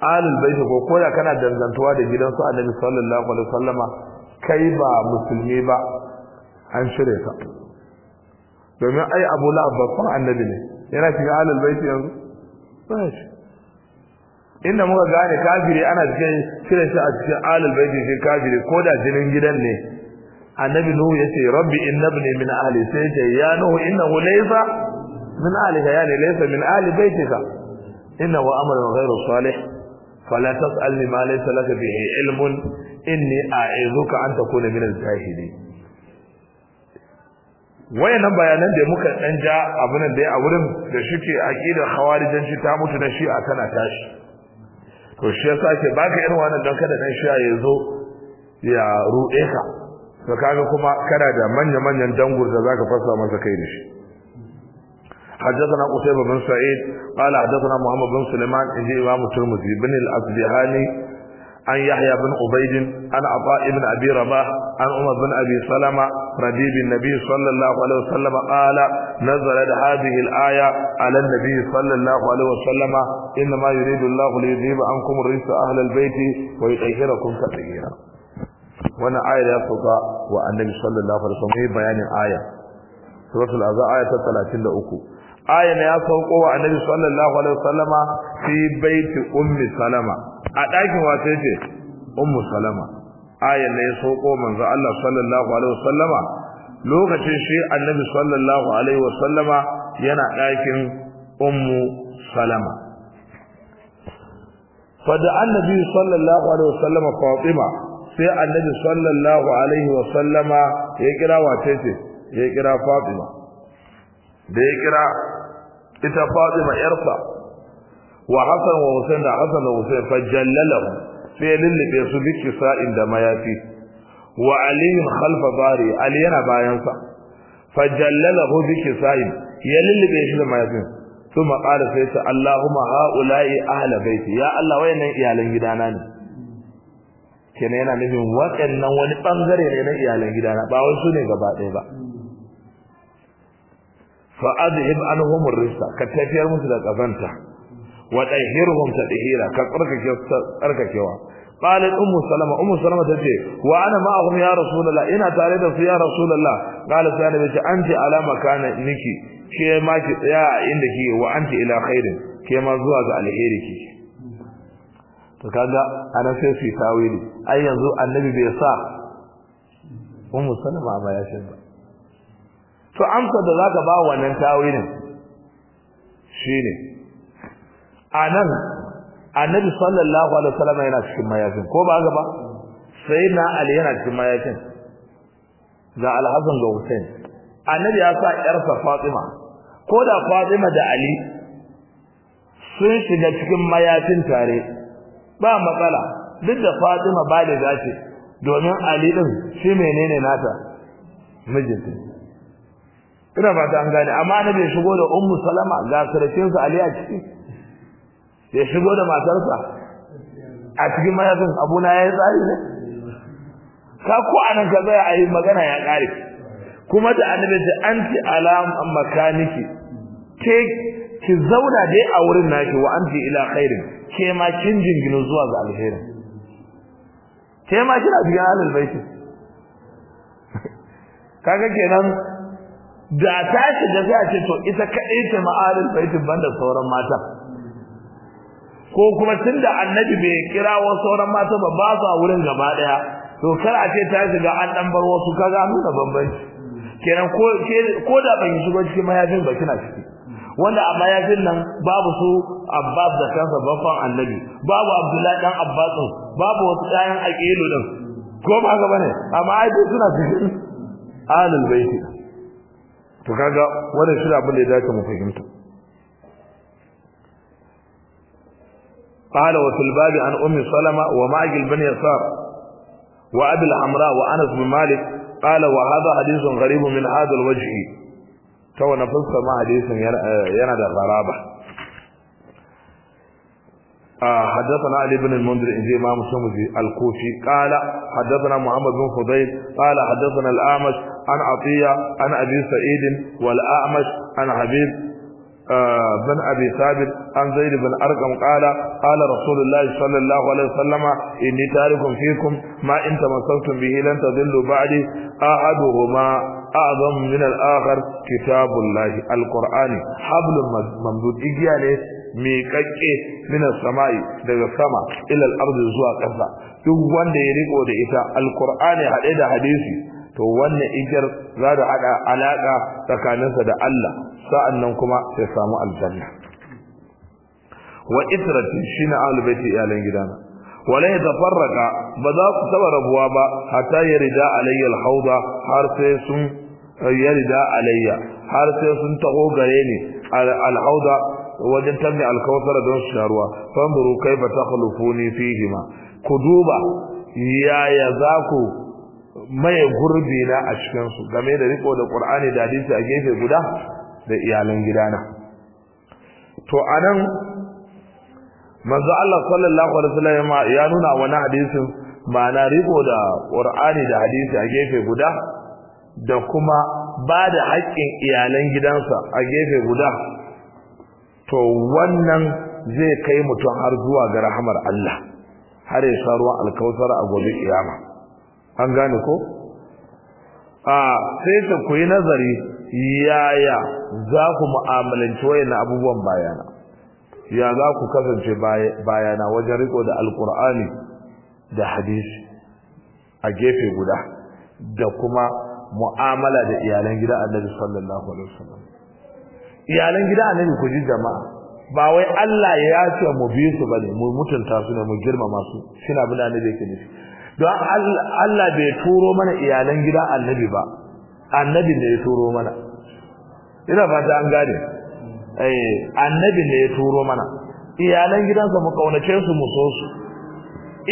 alul baiti ko koda kana dangantuwa da gidansu annabi sallallahu alaihi wasallama kai ba musulmi ba an shirye ka domin ai abu la'ab babban annabi ne yana shiga alul baiti yanzu ba inda muka gane kafiri ana cikin cire shi a cikin alul baiti shi kafiri ko da jinin gidan ne annabi nuhu yace rabbi innabni min ahli sai yace ya nuhu innahu laysa min ahlika yani laysa min ahli baitika innahu amrun ghayru salih فلا تسألني ma ليس لك به علم inni ka an تكون من al-jahilin wayannan bayanan da muka dan ja abun da ya a wurin da shike aqida khawarijin shi ta mutu da shi'a kana tashi to shi yasa ke baka irin wannan dan kada dan shi'a ya zo ya ruɗe ka to kaga kuma kana da manya manyan dangur da zaka fasa masa kai da shi حدثنا قتيبة بن سعيد قال حدثنا محمد بن سليمان إن إمام الترمذي بن الأسبهاني عن يحيى بن عبيد عن عطاء بن أبي رباح عن عمر بن أبي سلمة رديب النبي صلى الله عليه وسلم قال نزلت هذه الآية على النبي صلى الله عليه وسلم إنما يريد الله ليذهب عنكم الرجس أهل البيت ويطهركم تطهيرا wannan ayar ya sauka wa annabi sallallahu alaihi wasallam yayin bayanin aya suratul azza ayata 33 ne ya sauko wa annabi sallallahu alaihi wasallama fi baiti ummi salama a dakin wace ce ummu salama aya ne ya sauko manzo Allah sallallahu alaihi wasallama lokacin shi annabi sallallahu alaihi wasallama yana dakin ummu salama Fa da annabi sallallahu alaihi wasallama fatima sai annabi sallallahu alaihi wasallama ya kira wace ce ya kira fatima da ya kira ita Fatima yarsa wa Hassan wa Hussein da Hassan da Hussein fa jallalahu sai ya lullube su biki sa'in da mayafi wa Ali khalfa bari Ali yana bayansa fa jallalahu biki sa'in ya lullube shi da mayafin ثم قال سيدنا اللهم هؤلاء اهل ya Allah الله wayannan iyalan gidana ne kene yana nufin waɗannan wani bangare ne na iyalan gidana ba wai su ne gaba ɗaya ba fa azhib anhum ka tafiyar musu da kazanta wa tahirhum tadhira ka tsarkake tsarkakewa قالت ام سلمة ام سلمة تجي وانا معهم يا رسول الله ina tare da su ya رسول الله قال سالم تجي انت على مكانك ke ma ki tsaya inda ke wa anti ila khairin ke ma zuwa ga alheri ki to kaga ana sai su tawili ai yanzu annabi bai sa to amsa da zaka ba wannan tawilin shine anan annabi sallallahu alaihi wasallam yana cikin mayafin ko ba ga ba sai na ali yana cikin mayafin ga alhazan ga Hussein annabi ya sa yarsa Fatima ko da Fatima da Ali sun shiga cikin mayafin tare ba matsala duk da Fatima ba da zace domin Ali din shi menene nata mijinta ina ba ta an gane amma na bai shigo da ummu salama ga sarkin sa ali a ciki bai shigo da matarsa a cikin mayafin abuna ya yi tsari ne ka ko anan ka zai a yi magana ya kare kuma da annabi ta anti alam makaniki ke ki zauna dai a wurin naki wa anti ila khairin ke ma kin jinginu zuwa ga alherin ke ma kina cikin alal baiti kaga kenan da ta shiga da a ce to ita kaɗai ta ma'arin baitin banda sauran mata ko kuma tunda annabi bai kira wasu sauran mata ba ba su a wurin gaba ɗaya to kar a ce ta shiga an ɗan bar wasu kaga nuna bambanci kenan ko da ban shigo cikin mayafin ba kina ciki wanda a mayafin nan babu su Abbas da kansa babban annabi babu Abdullahi dan Abbas babu wasu ɗayan aƙilu din ko ba haka bane amma ai suna cikin alul baiti to kaga wannan shi abin da ya dace mu fahimta قال وفي الباب عن أم سلمة ومعجل بن يسار وأبي الحمراء وأنس بن مالك قال وهذا حديث غريب من هذا الوجه تو نفس ما حديث ينادى غرابة حدثنا علي بن المنذر إن جاء إمام الشمسي الكوفي قال حدثنا محمد بن فضيل قال حدثنا الأعمش عن عطية عن أبي سعيد والأعمش عن حبيب آه بن أبي ثابت عن زيد بن أرقم قال قال رسول الله صلى الله عليه وسلم إني تارك فيكم ما إن تمسكتم به لن تضلوا بعدي أحدهما أعظم من الآخر كتاب الله القرآن حبل ممدود إجياله miƙaƙƙe minas sama'i daga sama ilal ardi zuwa ƙasa duk wanda ya riko da ita alqur'ani haɗe da hadisi to wannan igar za da haɗa alaƙa tsakaninsa da Allah sa'annan kuma sai samu aljanna wa itrati shine ahlul baiti iyalan gidana wala yatafarraqa ba za ku taɓa rabuwa ba hatta yarda alayya alhawda har sai sun yarda alayya har sai sun taho gare ni alhawda wajen tanne alkawfara don su sharuwa fanzuru kaifa takhlufuni fihima ku duba yaya za ku maye gurbi na a cikin su game da riko da qur'ani da hadisi a gefe guda da iyalan gidana to anan manzo Allah sallallahu alaihi wasallam ya nuna wani hadisin ma'ana riko da qur'ani da hadisi a gefe guda da kuma ba da haƙƙin iyalan gidansa a gefe guda to wannan zai kai mutum har zuwa ga rahamar Allah har ya sha ruwan alkautar a gobe kiyama an gane ko a sai ta koyi nazari yaya za ku mu'amalanci wayannan abubuwan bayana ya za ku kasance bayana wajen riko da alkur'ani da hadisi a gefe guda da kuma mu'amala da iyalan gida annabi sallallahu alaihi wasallam iyalan gida annabi ku ji jama'a ba wai Allah ya ce mu bi su bane mu mutunta su ne mu girmama su shine abin da annabi yake ne don Allah bai turo mana iyalan gida annabi ba annabi ne ya turo mana ina fata an gane eh annabi ne ya turo mana iyalan gidansa mu kaunace su mu so su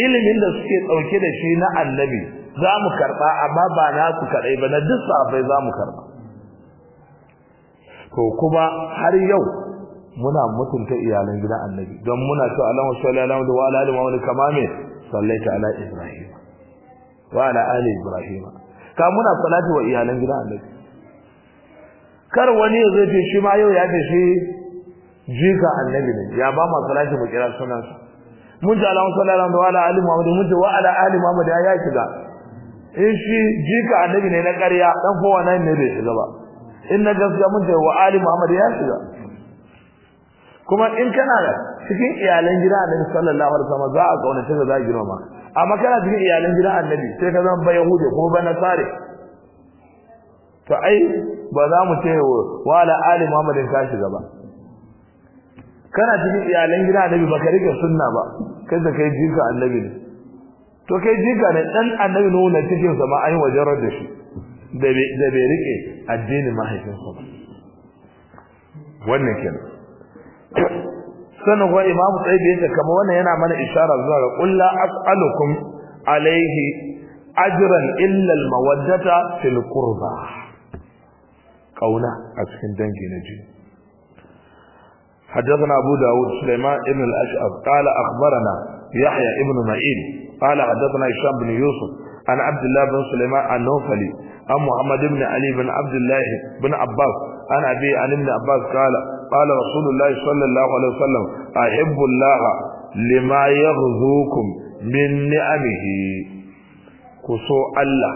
ilimin da suke dauke da shi na annabi za mu karba amma ba na su kadai ba na duk sahabbai za mu karba to kuma har yau muna mutunta iyalan gidan annabi don muna so Allahumma sallallahu alaihi wa ala ali kamame kama me ala Ibrahim wa ala ali Ibrahim ka muna salati wa iyalan gidan annabi kar wani ya zai shi ma yau ya ce shi jika annabi ne ya ba ma salati mu kira sunan mun ji Allahumma sallallahu ala wa ala ali Muhammad mun ji wa ala ali Muhammad ya ya kiga in shi jika annabi ne na ƙarya dan kowa nan ne bai shiga ba in na gaskiya mun da wa ali muhammad ya shiga kuma in kana cikin iyalan gidan annabi sallallahu alaihi wasallam za a kauna ka za a girmama amma kana cikin iyalan gidan annabi sai ka zama bayahude ko ba nasare to ai ba za mu ce wa ala ali muhammad ka shiga ba kana cikin iyalan gidan annabi ba ka rike sunna ba kai da kai jinka annabi ne to kai jinka ne dan annabi ne cikin sa ma ai wajen da shi da bai rike addinin mahaifinsa ba wannan kenan sanin wa imamu tsaye kama wannan yana mana isharar zuwa ga qul la as'alukum alaihi ajran illal mawaddata fil qurba kauna a cikin dangi na ji حدثنا أبو داود سليمان بن الأشعب قال أخبرنا يحيى بن معين قال حدثنا هشام بن يوسف عن عبد الله بن سليمان النوفلي عن محمد بن علي بن عبد الله بن عباس عن أبي عن ابن عباس قال قال رسول الله صلى الله عليه وسلم أحب الله لما يغزوكم من نعمه كسو الله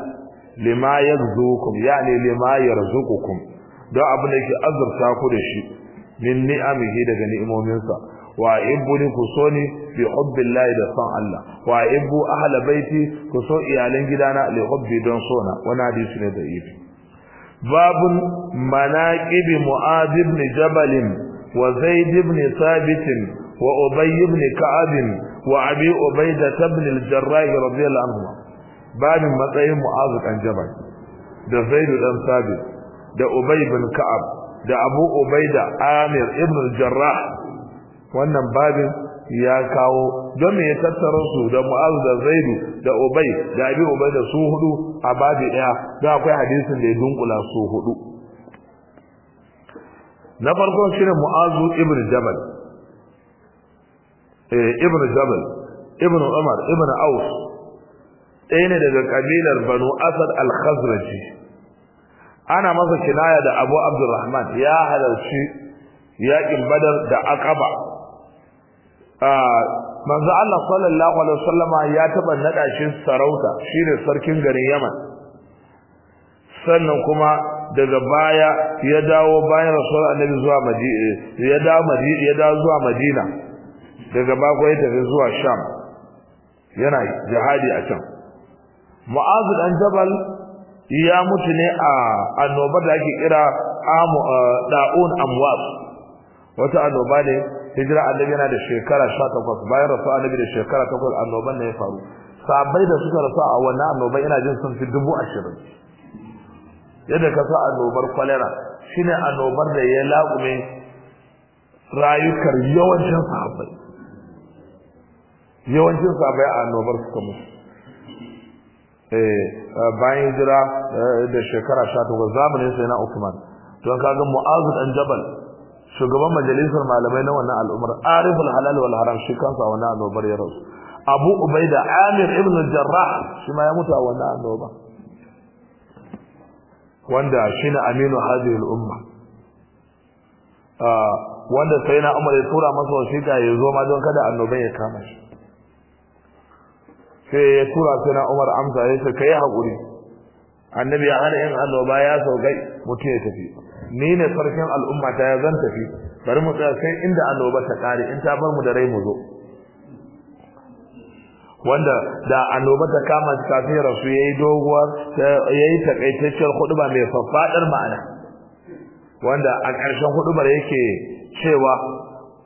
لما يغزوكم يعني لما يرزقكم دو أبن يكي أزر تاكو دشي من نعمه دغ نعمومنسا وأحب لكسوني bi hubbillahi da son Allah wa ibu ahla baiti ku so iyalan gidana li hubbi don sona wani hadisi ne da ifi babun manaqibi mu'adh ibn jabal wa zaid ibn thabit wa ubay ibn ka'ab wa abi ubayda ibn al-jarrah radiyallahu anhu babin matsayin mu'adh dan jabal da zaid dan thabit da ubay ibn ka'ab da abu amir ibn al-jarrah wannan babin ya kawo don me ya tattara su da mu'az da zaidu da ubay da abi ubay da su hudu a babi daya da akwai hadisin da ya dunkula su hudu na farko shine mu'azu ibn jabal eh ibn jabal ibn umar ibn aus ɗaya ne daga kabilar banu asad al-khazraji ana masa kinaya da abu abdurrahman ya halarci yaƙin badar da aqaba Ah, manzo Allah sallallahu alaihi wasallama ya taba nada shi sarauta shine sarkin garin Yaman sannan kuma daga baya ya dawo bayan rasul annabi zuwa Madina ya dawo Madina ya dawo zuwa Madina daga baya ya tafi zuwa Sham yana jihadi a can Mu'az dan Jabal ya mutu ne a annobar da ake kira eh, Da'un Amwas wata annoba ne hijira annabi yana da shekara 18 bayan rasu annabi da shekara 8 annoban ne ya faru sabai da suka rasu a wannan annoban ina jin sun fi dubu ashirin yadda ka sa annobar kwalera shine annobar da ya laƙume rayukar yawancin sahabbai yawancin sahabbai a annobar suka mutu eh, bayan hijira eh, da shekara 18 zamanin sai na Uthman don kaga Mu'az dan Jabal shugaban majalisar malamai na wannan al'umar ariful halal wal haram shi kansa wani annobar ya rasu abu ubaida amir ibn jarrah shi ma ya mutu a wani annoba wanda shi na aminu hadhihi al umma ah, wanda sai na umar ya tura masa wasiƙa ya zo ma don kada annoban ya kama shi sai ya tura sai na umar amsa ya ce kai hakuri annabi ya hana yin annoba ya saukai mutum ya tafi ni ne sarkin al'umma ta ya zan tafi bari mu tsaya sai inda annoba ta kare in ta bar mu da rai mu zo wanda da annoba ta kama kafin rasu yayi doguwar yayi takaitaccen huduba mai faffadar ma'ana wanda a ƙarshen hudubar yake cewa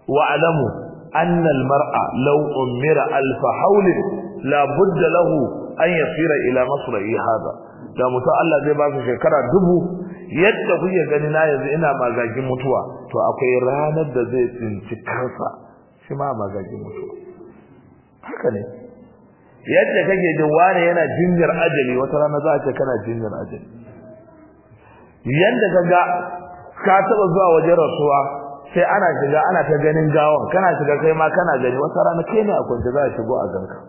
wa'alamu anna al-mar'a law umira alfa hawlin la budda lahu an yasira ila masra'i hada da mutum Allah zai ba su shekara dubu yadda kuke gani na yanzu ina mazagin mutuwa to akwai ranar da zai tsinci kansa shi ma mazagin mutuwa haka ne yadda kake jin wani yana jinyar ajali wata rana za a ce kana jinyar ajali yadda ka ga ka taɓa zuwa wajen rasuwa sai ana shiga ana ta ganin gawon kana shiga kai ma kana gani wata rana kai ne a kwance za a shigo a ganka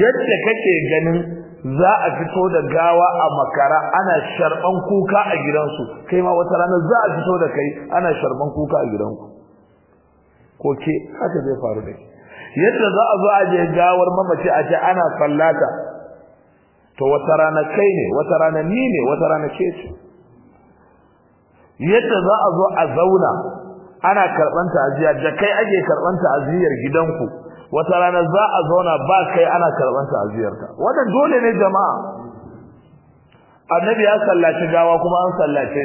yadda kake ganin za a fito da gawa a makara ana sharban kuka a gidansu kai ma wata rana za a fito da kai ana sharban kuka a gidanku ko ke haka zai faru da yadda za a zo a je gawar mamaci a ce ana sallata to wata rana kai ne wata rana ni ne wata rana ke ce yadda za a zo a zauna ana karban ta'aziya da kai ake karban ta'aziyar gidanku wata rana za a zauna ba kai ana karban ta'aziyarka wannan dole ne jama'a annabi ya sallaci gawa kuma an sallace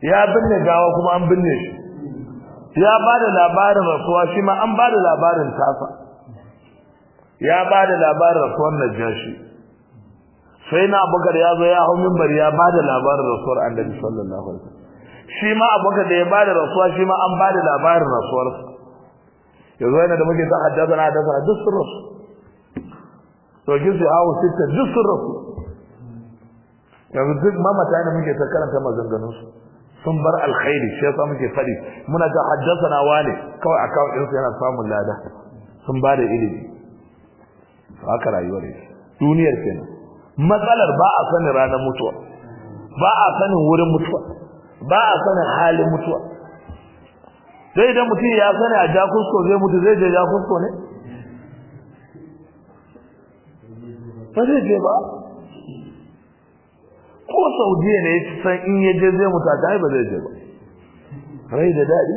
shi ya binne gawa kuma an binne shi ya ba da labarin rasuwa shi ma an da labarin tasa ya ba da labarin rasuwar najashi sai na abubakar ya zo ya hau mimbar ya ba da labarin rasuwar annabi sallallahu alaihi wasallam shi ma abubakar da ya ba da rasuwa shi ma an da labarin rasuwarsa yanzu yana da muke ta haddasa na haddasa duk sun rasu sauƙin su awo sita duk sun rasu yanzu duk mamata ne muke ta karanta maganganunsu sun bar alkhairi shi yasa muke faɗi muna ta haddasa na wane kawai a kawai ɗinsu yana samun lada sun ba da ilimi haka rayuwar yake duniyar kenan matsalar ba a sanin ranar mutuwa ba a sanin wurin mutuwa ba a sanin halin mutuwa sai idan mutum ya sani a jakusko zai mutu zai je jakusko ne ba zai je ba ko saudiya ne ya san in ya je zai mutu a ta ba zai je ba rai da daɗi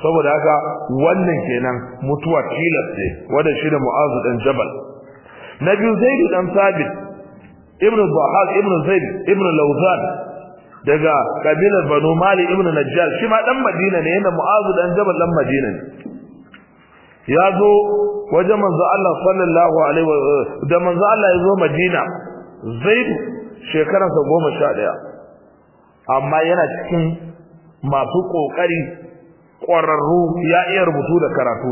saboda haka wannan kenan mutuwa tilas ne wanda shi da mu'azu dan jabal na biyu zai dan sabit ibn dhahab ibn zaid ibn lauzan daga kabilar banu mali ibn najjar shi ma dan madina ne yana mu'azu dan jabal dan madina ne ya zo wajen manzo Allah sallallahu alaihi wa da manzo Allah ya zo madina zaid shekaransa goma sha ɗaya amma yana cikin masu ƙoƙari ƙwararru ya iya rubutu da karatu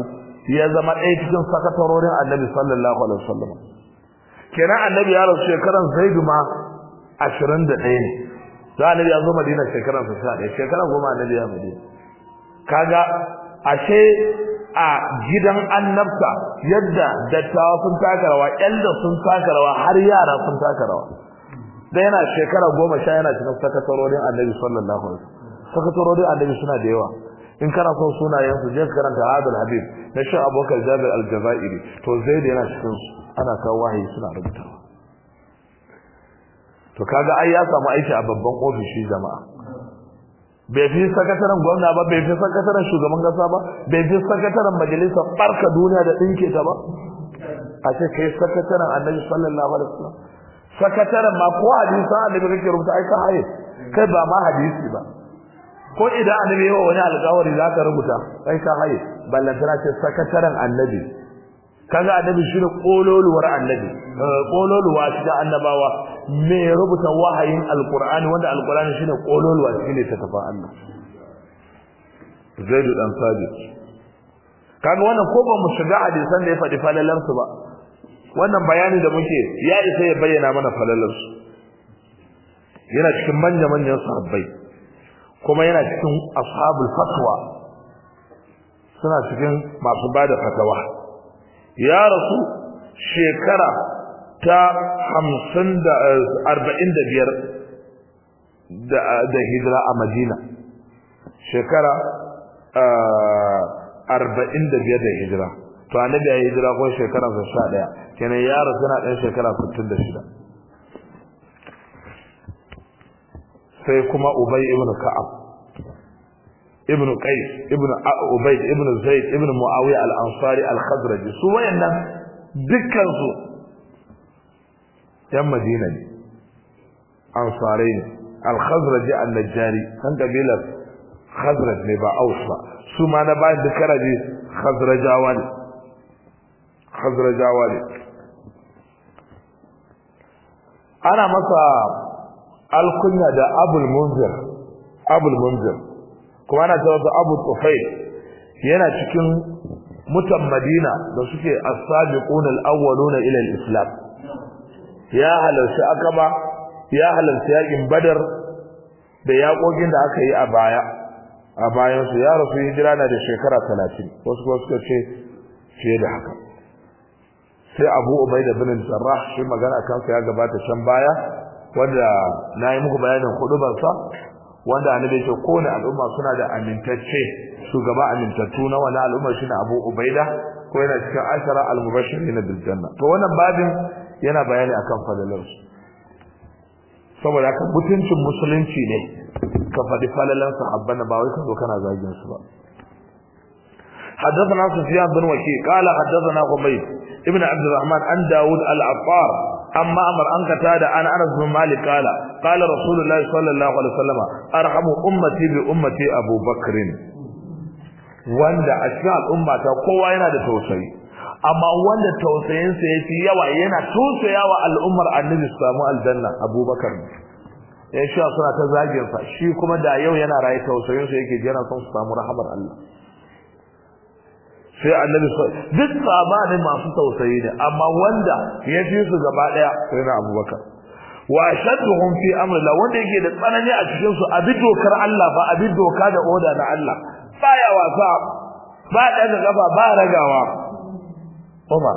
ya zama ɗaya cikin sakatarorin annabi sallallahu alaihi wasallam kenan annabi ya rasu shekaran zaidu ma ashirin da ɗaya ne to annabi ya zo madina shekaran sa sha ɗaya shekara goma annabi ya madina kaga ashe a gidan annabta yadda dattawa sun taka rawa yadda sun taka rawa har yara sun taka rawa da yana shekara goma sha yana cikin sakatarorin annabi sallallahu alaihi wasallam sakatarorin annabi suna da yawa in kana son sunayen su je karanta Abdul Habib na shi abokan Jabir Al-Jazairi to da yana cikin ana kawo wahayi suna rubutawa to kaga ai ya samu aiki a babban ofishi jama'a bai fi sakataren gwamna ba bai fi sakataren shugaban kasa ba bai fi sakataren majalisa barka duniya da dinke ta ba a ce kai sakataren annabi sallallahu alaihi wasallam sakataren ma ko da bai kake rubuta ai ka haye kai ba ma hadisi ba ko idan annabi ya wani alƙawari za ka rubuta kai ka haye ballantana ce sakataren annabi kaga annabi shi ne kololuwar annabi eh, kololuwa da annabawa me rubuta wahayin alqur'ani wanda alqur'ani shine kololuwa ta tafa Allah zaidu dan sadiq kan wannan ko ba mu shiga hadisan da ya faɗi falalar su ba wannan bayani da muke ya isa ya bayyana mana falalar su yana cikin manya manyan sahabbai kuma yana cikin ashabul fatwa suna cikin masu bada fatawa ya rasu shekara ta hamsin da eh, arba'in da biyar da hijira a madina shekara eh, arba'in da biyar da hijira to annabi ya hijira ko shekara sa sha ɗaya kenan ya rasu na ɗan shekara sittin da shida sai kuma ubai ibn ka'ab ابن قيس ابن عبيد ابن زيد ابن معاوية الأنصاري الخضرجي سوينا ذكر سو يم مدينة أنصاري الخضرجي النجاري كان قبيلة خضرج نبا أوصى سوما نبا ذكر دي خضرجا والي خضرجا والي أنا مثلا الكنية ده أبو المنذر أبو المنذر kuma ana cewa da abu tufayl yana cikin mutan madina da suke as-sabiqun al-awwalun ila al-islam ya halarci akaba ya halarci yakin badar da yakokin da aka yi a baya a bayan su ya rasu hijira na da shekara 30 wasu kuma suka ce fiye da haka sai Abu Ubaida bin Jarrah shi magana kansa ya gabata can baya wanda nayi muku bayanin hudubar sa wanda annabi ce kowane al'umma suna da amintacce shugaba amintattu na wani al'umma ne Abu Ubaida ko yana cikin ashara al-mubashirin bil janna to wannan babin yana bayani akan fadalar su saboda haka mutuncin musulunci ne ka faɗi falalan sahabban ba wai ka zo kana zagin su ba حدثنا سفيان بن وكيع قال حدثنا قبيب ابن عبد الرحمن عن داود العطار Amma ma'amar an kata da an anas bin malik kala kala rasulullahi sallallahu alaihi wasallama arhamu ummati bi ummati abubakrin wanda a cikin al'ummata kowa yana da tausayi amma wanda tausayinsa ya fi yawa yana tausayawa al'ummar annabi su samu aljanna abubakar ya shi suna ta zaginsa shi kuma da yau yana raye tausayinsa yake jira son su samu rahamar allah sai annabi sai duk sabani masu tausayi ne amma wanda ya fi su gaba daya sai na abubakar wa ashadduhum fi amri la wanda yake da tsanani a cikin su a bid dokar Allah ba a bid doka da oda na Allah baya wasa ba da gaba ba ragawa Umar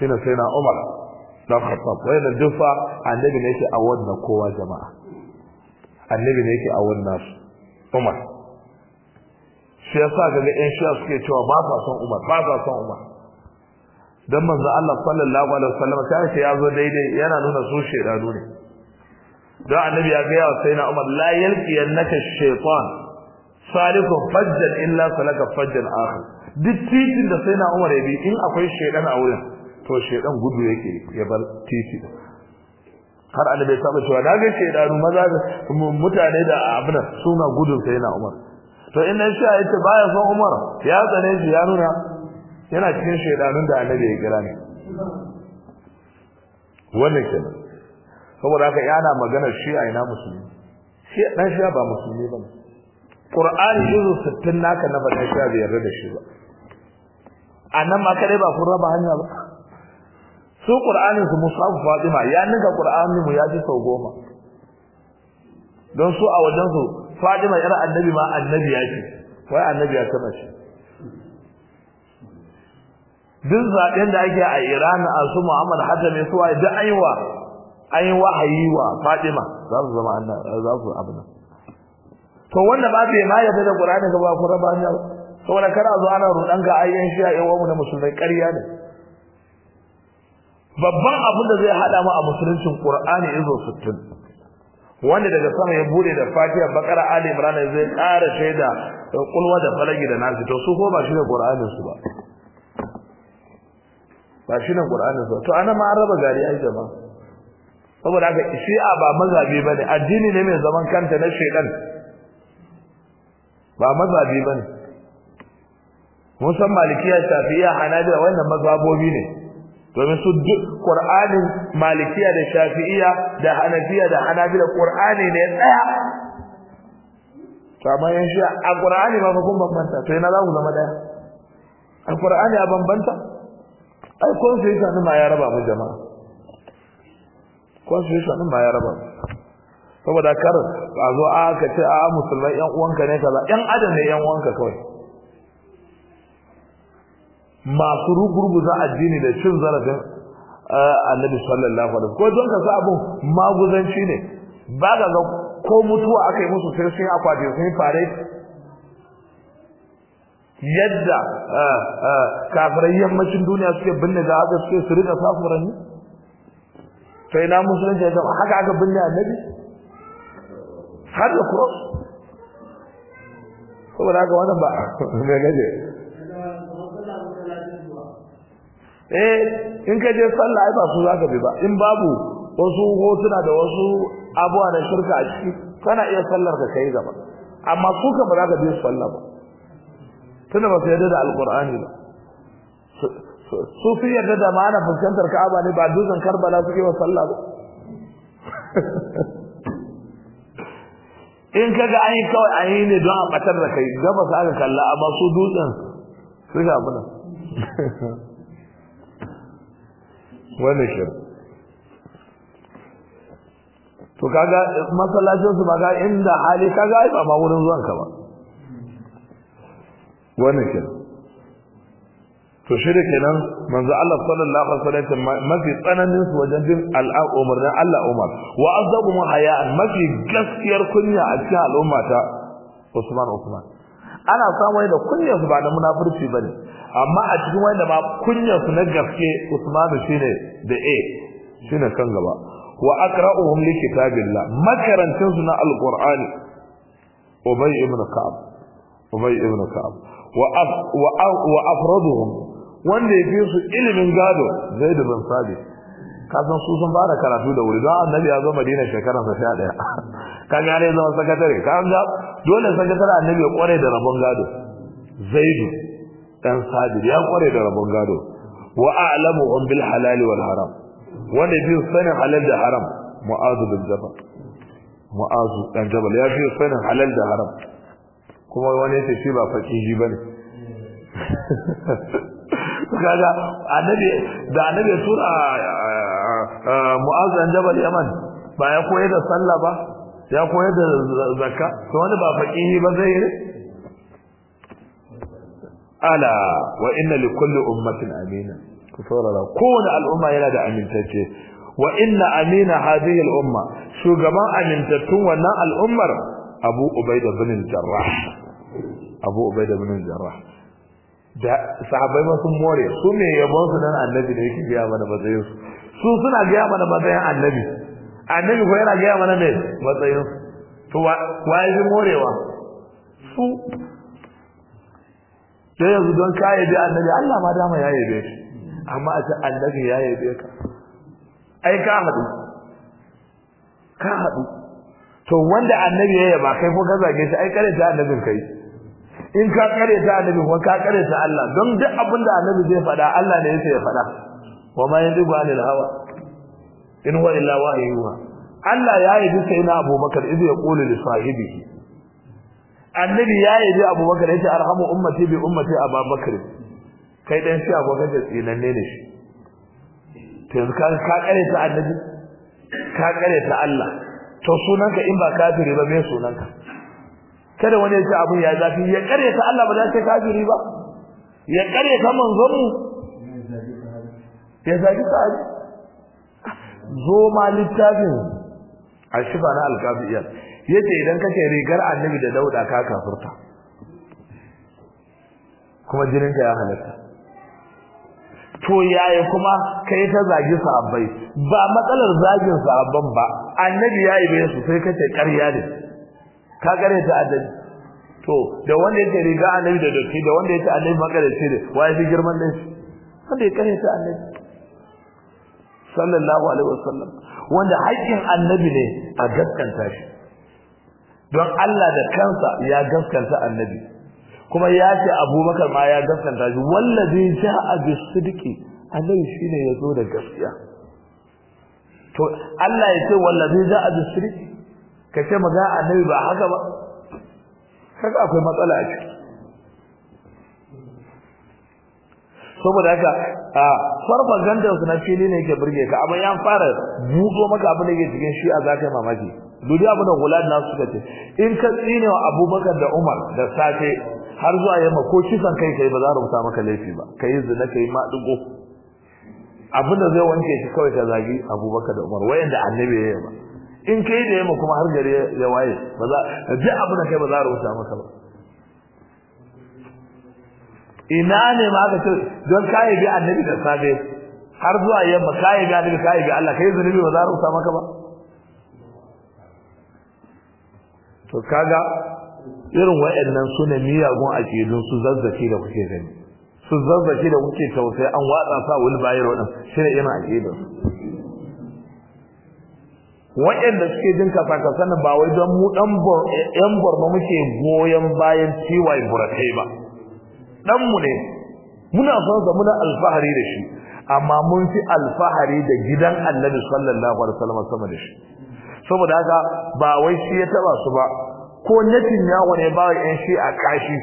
shi ne sai na Umar dan Khattab wai da dufa annabi ne yake a wannan kowa jama'a annabi ne yake a wannan Umar ya yasa ga yan shi'a suke cewa ba sa son Umar ba sa son Umar dan manzo Allah sallallahu alaihi wasallam ta ya zo daidai yana nuna su shedanu ne don annabi ya ga yawa sai na Umar la yalqi annaka shaytan salikun fajjan illa salaka fajjan akhir duk titin da sai na Umar ya bi in akwai shedan a wurin to shedan gudu yake ya bar titi har annabi ya saba cewa na ga shedanu maza mutane da abuna suna gudun sai Umar to in na sha ita baya son Umar ya tsare shi ya nuna yana cikin shaidanun da annabi ya kira ne wannan kenan saboda haka yana magana shi a ina musulmi shi dan sha ba musulmi bane Qur'ani juzu 60 naka na bada shi bai yarda da shi ba anan ma kare ba kun raba hanya ba su Qur'anin su Mus'ab Fatima ya nika Qur'anin mu ya ji sau goma don su a wajen su Fadima yar annabi ma annabi ya ce wai annabi ya taba shi duk zaben da ake a Iran a su Muhammad Hatami su wai da aiwa ai wahayi wa Fadima za su zama annabi za su abuna to wanda ba bai ma yarda da Qur'ani ga ba ku raba ne saboda kar zo ana rudan ga ayyan shi a yawan mu na musulmai ƙarya ne babban abin da zai hada mu a musuluncin Qur'ani izo 60 wanda daga sama ya bude da fatiha bakara ali imran zai ƙara shaida kulwa da falagi da nasi to su ko ba shine qur'anin su ba ba shine qur'anin su to ana ma an raba gari ai jama saboda haka shi'a ba mazhabi bane addini ne mai zaman kanta na shedan ba mazhabi bane mun san malikiya shafi'iyya hanabila wannan mazhabobi ne domin su duk Qur'anin Malikiya da shafi'iya da Hanafiya da Hanabila Qur'ani ne ɗaya to amma shi a ma ba kun bambanta to ina za ku zama ɗaya? A Qur'ani ya bambanta ai kun yi ka ma ya raba mu jama'a kun yi ka ma ya raba mu. saboda kar a zo a ka ce a musulmai yan uwanka ne kaza yan adam ne yan uwanka kawai masu rugurguza addini da cin zarafin eh, annabi sallallahu alaihi wasallam ko don ka sa abun maguzanci ne ba ga ko mutuwa aka yi musu sai sun akwati sun fare yadda eh, eh, kafirai yammacin duniya suke binne da haka suke su rika safuranni sai na musulunci ya haka aka binne annabi har da cross saboda haka wannan ba ga gaje eh in ka je sallah ai ba su zaka bi ba in babu wasu hotuna da wasu abuwa da shirka a ciki kana iya sallar ka kai gaba amma su ka ba zaka bi sallah ba tunda ba sai da alqur'ani ba su fi yarda da mana fuskantar ka'aba ne ba dutsen karbala suke wa sallah ba in kaga ga yi kawai ai ne don a batar da kai gabas ka kalla amma su dutsen suka abuna wani shir to kaga masallacin su ba ga inda hali kaga ba ba wurin zuwan ka ba wani shir to shi da kenan manzo Allah sallallahu alaihi wasallam mafi tsananin su wajen bin al'umar da Allah Umar wa azabu haya'an mafi gaskiyar kunya a cikin al'ummata Usman Usman ana samu da kunyar su ba da munafurci ne, amma a cikin wanda ma kunyar su na gaske Usman shine da A shine kan gaba wa aqra'uhum li kitabillah makarantun su na alqur'ani ubay ibn ka'ab ubay ibn ka'ab wa wa wa afraduhum wanda yafi su ilimin gado zaid bin sabit Kasan su sun fara karatu da wuri don annabi ya zo madina shekaransa sha ɗaya ka gane zama sakatare ka ga dole sakatare annabi ya kware da rabon gado zaidu dan sabir ya kware da rabon gado wa a'lamu bil halal wal haram wanda bi sanin halal da haram mu'azu bin jabal mu'azu dan jabal ya fi sanin halal da haram kuma wani yace shi ba fakihi bane kaga annabi da annabi tura mu'azzan jabal yaman ba ya koyar da sallah ba ya koyar da zakka to wani ba faqihi ba zai yi ala wa inna li kulli ummatin amina ku saurara kowace al'umma yana da amintacce wa inna amina hadhihi al'umma shugaban amintattun wannan al'ummar abu ubaida bin jarrah abu ubaida bin jarrah da sahabbai ma sun more su ne yabo su dan annabi da yake biya mana bazai su su suna gaya mana matsayin annabi annabi ko yana gaya mana ne matsayin to wa yi morewa su da yanzu don ka yabe annabi Allah ma dama ya yabe shi amma a ce annabi ya yabe ka ai ka haɗu ka haɗu to wanda annabi ya yaba kai ko ka zage shi ai kare ta annabin kai in ka kare ta annabi ko ka kare ta Allah don duk abin da annabi zai faɗa Allah ne yake ya faɗa wa ma yanzu ba lil hawa in huwa illa wahyuha Allah ya yi duka ina Abubakar idan ya kula da sahibihi annabi ya yi Abubakar yace arhamu ummati bi ummati Abubakar kai dan shi Bakar da tsinanne ne shi to ka ka kare ta annabi ka kare ta Allah to sunanka in ba kafiri ba me sunanka kada wani ya ce abun ya zafi ya kare ta Allah ba za ta kafiri ba ya kare ta manzon mu ya zagi sa'adi zo ma littafin ashifa na alkafiyar ce idan kake rigar annabi da dauda ka kafurta kuma jininka ya halatta to yaya kuma kai ta zagi sahabbai ba matsalar zagin sahabban ba annabi ya yi bayan su sai kace ƙarya ne ka gare ta annabi to da wanda yake riga annabi da dotti da wanda yake annabi magana ce ne wai fi girman ne wanda ya kare ta annabi sallallahu alaihi wasallam wanda haƙƙin annabi ne a gaskanta shi don Allah da kansa ya gaskanta annabi kuma ya ce Abubakar ma ya gaskanta shi wallazi ja'a bisidqi annabi ya yazo da gaskiya to Allah ya ce wallazi ja'a bisidqi kace maga annabi ba haka ba kaga akwai matsala a ciki saboda haka a farfagandar su na fili ne yake burge ka amma yan fara buzo maka abin da yake cikin shi a zakai mamaki duniya abin da gulad na suka ce in ka tsine wa Abubakar da Umar da safe har zuwa yamma ko kisan kai kai ba za a rubuta maka laifi ba Ka yi zina ka yi maɗigo. abin da zai wanke shi kawai ka zagi Abubakar da Umar wayanda annabi ya yi ba in kai da yamma kuma har gari ya waye ba za duk abin da kai ba za rubuta maka ba ina ne ma aka ce don kai bi annabi da sabe har zuwa yamma kai ga annabi kai bi Allah kai zunubi ba za a rusa maka ba to kaga irin wayannan sune miyagun akidun su zazzaki da kuke gani su zazzaki da kuke tausayi an watsa sa wani bayar wadan shine yana akidun waɗanda suke jin kasa-kasa ba wai don mu bor ba muke goyon bayan ciwon burakai ba ɗanmu ne muna son sonsa muna alfahari da shi amma mun fi alfahari da gidan annabi sallallahu alaihi wasallam sama da shi saboda haka ba wai shi ya taba su ba ko nafin ya ne ba yan shi a kashi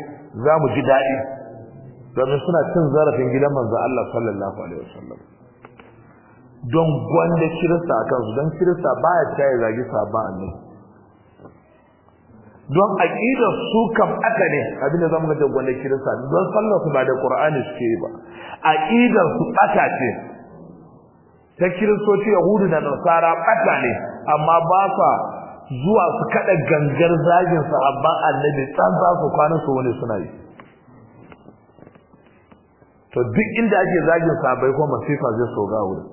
za mu ji daɗi domin suna cin zarafin gidan manzo Allah sallallahu alaihi wasallam don gwanda kirista akan su don kirista baya ya zagi sabon don aqidar su kam aka ne abinda zamu ga gwanin kirista don sallar su ba da qur'ani suke ba aqidar su aka ce ta kiristoci yahudu da nasara aka ne amma ba sa zuwa su kada gangar zagin abba annabi tsan za su kwana su wani suna yi to duk inda ake zagin bai ko masifa zai so ga wuri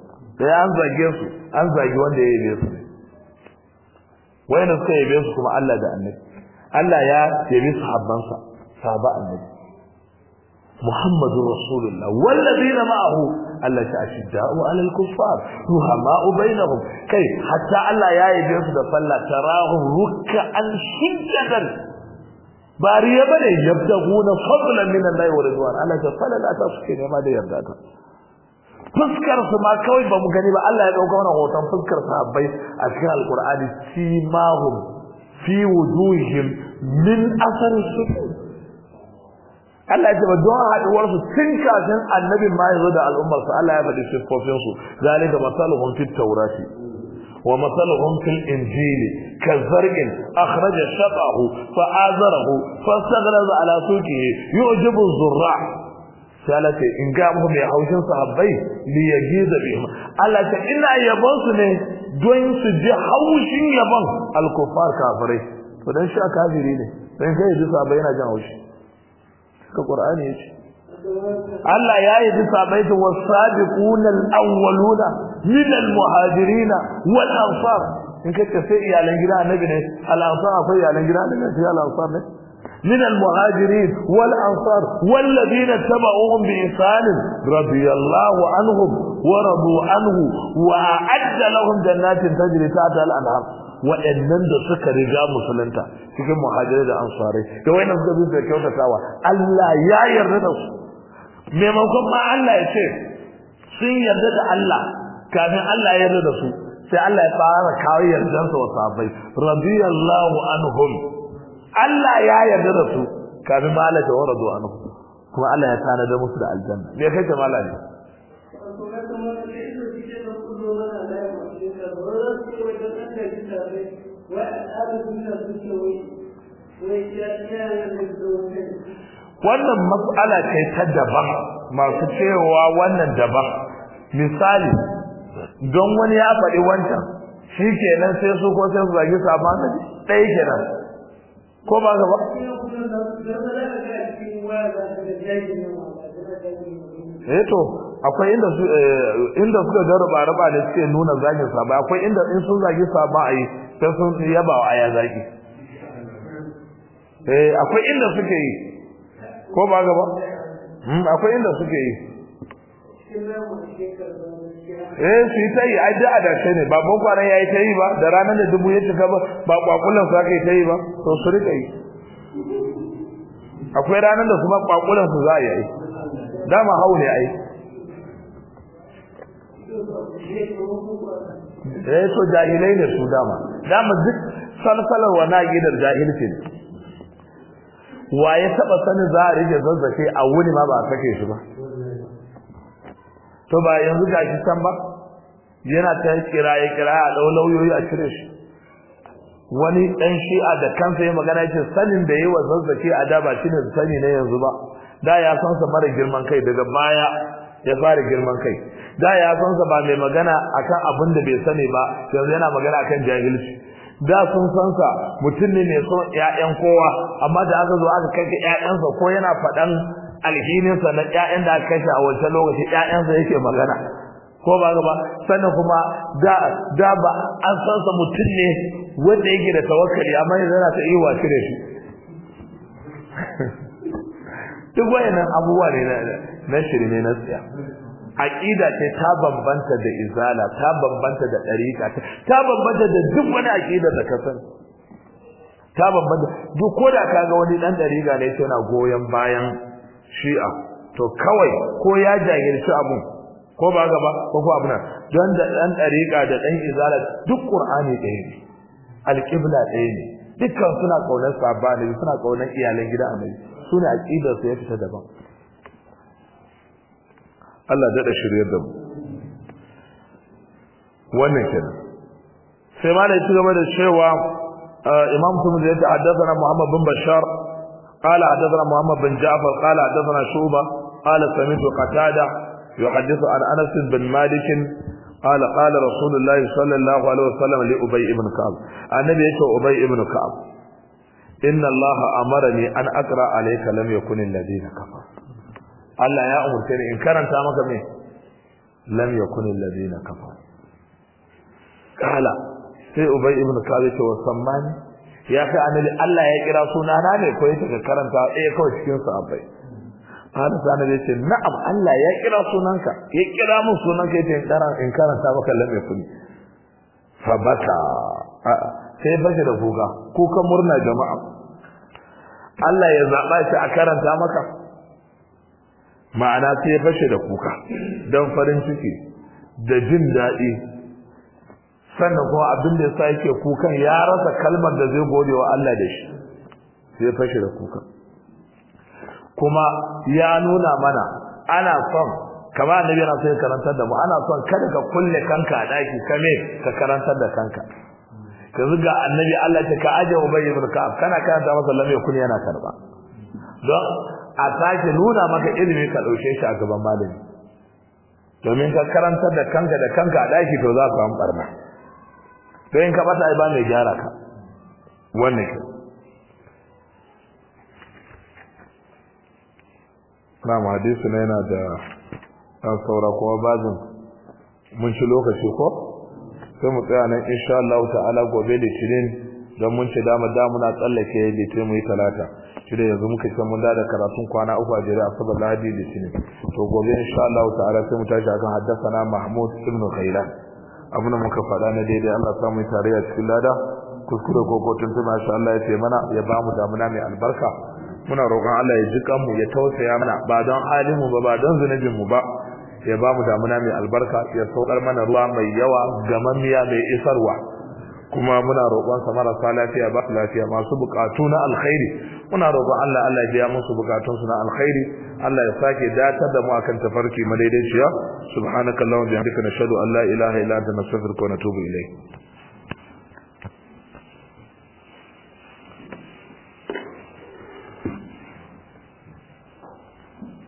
sai an zage su an zagi wanda ya yi su ne sai suka yabe su kuma Allah da annabi Allah ya yabi sahabbansa sahaba annabi Muhammadu Rasulullah wallazina ma'ahu Allah ta ashidda'u 'alal kuffar ruhama'u bainahum kai hatta Allah ya yabe su da falla tarahum ruk'an sujjadan bariya bane yabtaguna fadlan min Allah wa ridwan Allah ta falla la tasfi ne ma da yarda ta fuskar su ma kawai ba mu gani ba Allah ya dauka wannan hoton fuskar sahabbai a cikin alqur'ani simahum في وجوههم من اثر السجود قال لها جبا دون هاد ورس تنكا تن النبي ما يرد على الأمر فقال لها يبدي سفوفين سو ذلك مثالهم في التوراة ومثالهم في الإنجيل كالزرع أخرج شطعه فآذره فاستغرز على سوكه يعجب الزراع sai Allah ce in ga muku mai haushin sahabbai li yajiza bihim Allah ce ina yabon su ne don su ji haushin yabon al-kuffar kafirai to dan sha kafiri ne dan kai ji sahabbai yana jin haushi ka Qur'ani yace Allah ya yi sahabbai da wasabiqun al-awwaluna min al-muhajirin wal ansar in kace sai iyalan gida annabi ne al-ansar akwai iyalan gida annabi sai al-ansar ne من المهاجرين والأنصار والذين اتبعوهم بإنسان رضي الله عنهم ورضوا عنه وأعد لهم جنات تجري تحت الأنهار وإنهم سكر جاء مسلمتا كيف المهاجرين والأنصاري كيف المهاجرين والأنصاري كيف الله يا يردس مما كن ما الله يسير سين يردد الله كان الله يردسه سي الله يفعل كاوي يردسه وصابي رضي الله عنهم Allah ya yarda da su kafin malaka wa radu anhu kuma Allah ya tana da musu da aljanna me kai ta malaka wannan mas'ala ce ta daban masu cewa wannan daban misali don wani ya faɗi wancan shi kenan sai su ko sai su zagi da ɗaya kenan ko ba ga ba eh to akwai inda su eh, inda suka da raba raba ne suke nuna zagin saba akwai inda in sun zagi saba ai sai sun yaba wa aya zaki. eh akwai inda suke yi ko ba gaba. Hmm, akwai inda suke yi eh su yi tayi ai duk adashe ne ba boko haram yayi tayi ba da ranar da dubu ya shiga ba ba kwakulan su aka yi tayi ba to su rika yi akwai ranar da kuma kwakulan su za a yi dama haule ai eh so jahilai ne su dama dama duk salsalar wa na gidar jahilci ne wa ya taba sanin za a rike zazzafe a wuni ma ba a sake shi ba to ba yanzu ga shi can ba yana ta kiraye kiraye a dau lauyoyi a cire shi wani dan shi'a da kansa ya magana yace sanin da yayi wa zazzaki a da ba shine sani na yanzu ba da ya san sa mara girman kai daga baya ya fara girman kai da ya san sa ba mai magana akan abin da bai sani ba yanzu yana magana akan jahilci da sun san sa mutum ne mai son ƴaƴan kowa amma da aka zo aka kai ƴaƴansa ko yana faɗan alhininsa na ƴaƴan da aka kashe a wancan lokaci ƴaƴansa yake magana ko ba ba sannan kuma da da ba an san sa mutum ne wanda yake da tawakkali amma yanzu yana ta iya wasu da shi duk wayannan abubuwa ne na shirme na tsaya aqida ce ta bambanta da izala ta bambanta da dariqa ta bambanta da duk wani aqida da ka sani ta bambanta duk koda kaga wani dan dariqa ne yana goyen bayan shi'a to kawai ko ya jagirci abun ko ba gaba ko ko abuna don da dan dariqa da dan izalat duk qur'ani ɗaya ne alqibla ɗaya ne dukkan suna kaunar sabani suna kaunar iyalan gida amai suna aqidar su ya fita daban Allah daɗa shiryar da mu wannan kenan sai ma da ya gaba da cewa eh, imam kuma da ya ta'addasa na muhammad bin bashar قال حدثنا محمد بن جعفر قال حدثنا شعبة قال سمعت قتادة يحدث عن أنس بن مالك قال قال رسول الله صلى الله عليه وسلم لأبي بن كعب النبي يقول أبي بن كعب إن الله أمرني أن أقرأ عليك لم يكن الذين كفروا Allah ya umurce ni in karanta maka me lam yakun alladhina kafaru kala sai ubay ibn kabi to sammani ya fi annabi Allah ya kira sunana ne ko yake ka karanta ɗaya eh, kawai cikin sahabbai ana sa annabi ce na'am Allah ya kira sunanka ya kira mun sunanka yace in karanta maka lamme kuni fa baka sai baka da kuka kuka murna jama'a Allah ya zaba shi a karanta maka ma'ana sai ya da kuka don farin ciki da jin daɗi sannan kuma abin da yasa yake kukan ya rasa kalmar da zai gode wa Allah da shi sai fashi da kukan kuma ya nuna mana ana son kama annabi yana sai karantar da mu ana son kada ka kulle kanka a daki kame ka karantar da kanka yanzu ga annabi Allah ta ka aje ubay ibn ka'ab kana karanta masa lam kun yana karba don a sake nuna maka ilimi ka dauke shi a gaban malami domin ka karantar da kanka da kanka a daki to za ka samu barna Sai in ka bata ai ba mai gyara ka wannan ke na ma hadisi na yana da ɗan saura kuma bazin mun ci lokaci ko sai mu tsaya nan insha Allah ta'ala gobe litinin don mun ci dama damuna tsallake litinin mu yi talata shi yanzu muka ce mun da karatun kwana uku a jere asabar lahadi litinin to gobe insha Allah ta'ala sai mu tashi akan haddasa na Mahmud ibn khairan abin da muka faɗa na daidai Allah ya samu tarayya cikin lada kuskure ko kotun tuna Allah ya ce mana ya ba mu damuna mai albarka muna roƙon Allah ya ji kanmu ya tausaya mana ba don halimu ba ba don zunubin mu ba ya ba mu damuna mai albarka ya saukar mana ruwa mai yawa gamammiya mai isarwa kuma muna roƙon sa marasa lafiya ba lafiya masu buƙatu na alkhairi muna roƙon Allah Allah ya biya musu buƙatunsu na alkhairi Allah ya sake datar da mu akan tafarki madaidaiciya subhanakallahumma bihamdika nashhadu an la ilaha illa anta nastaghfiruka wa natubu ilayk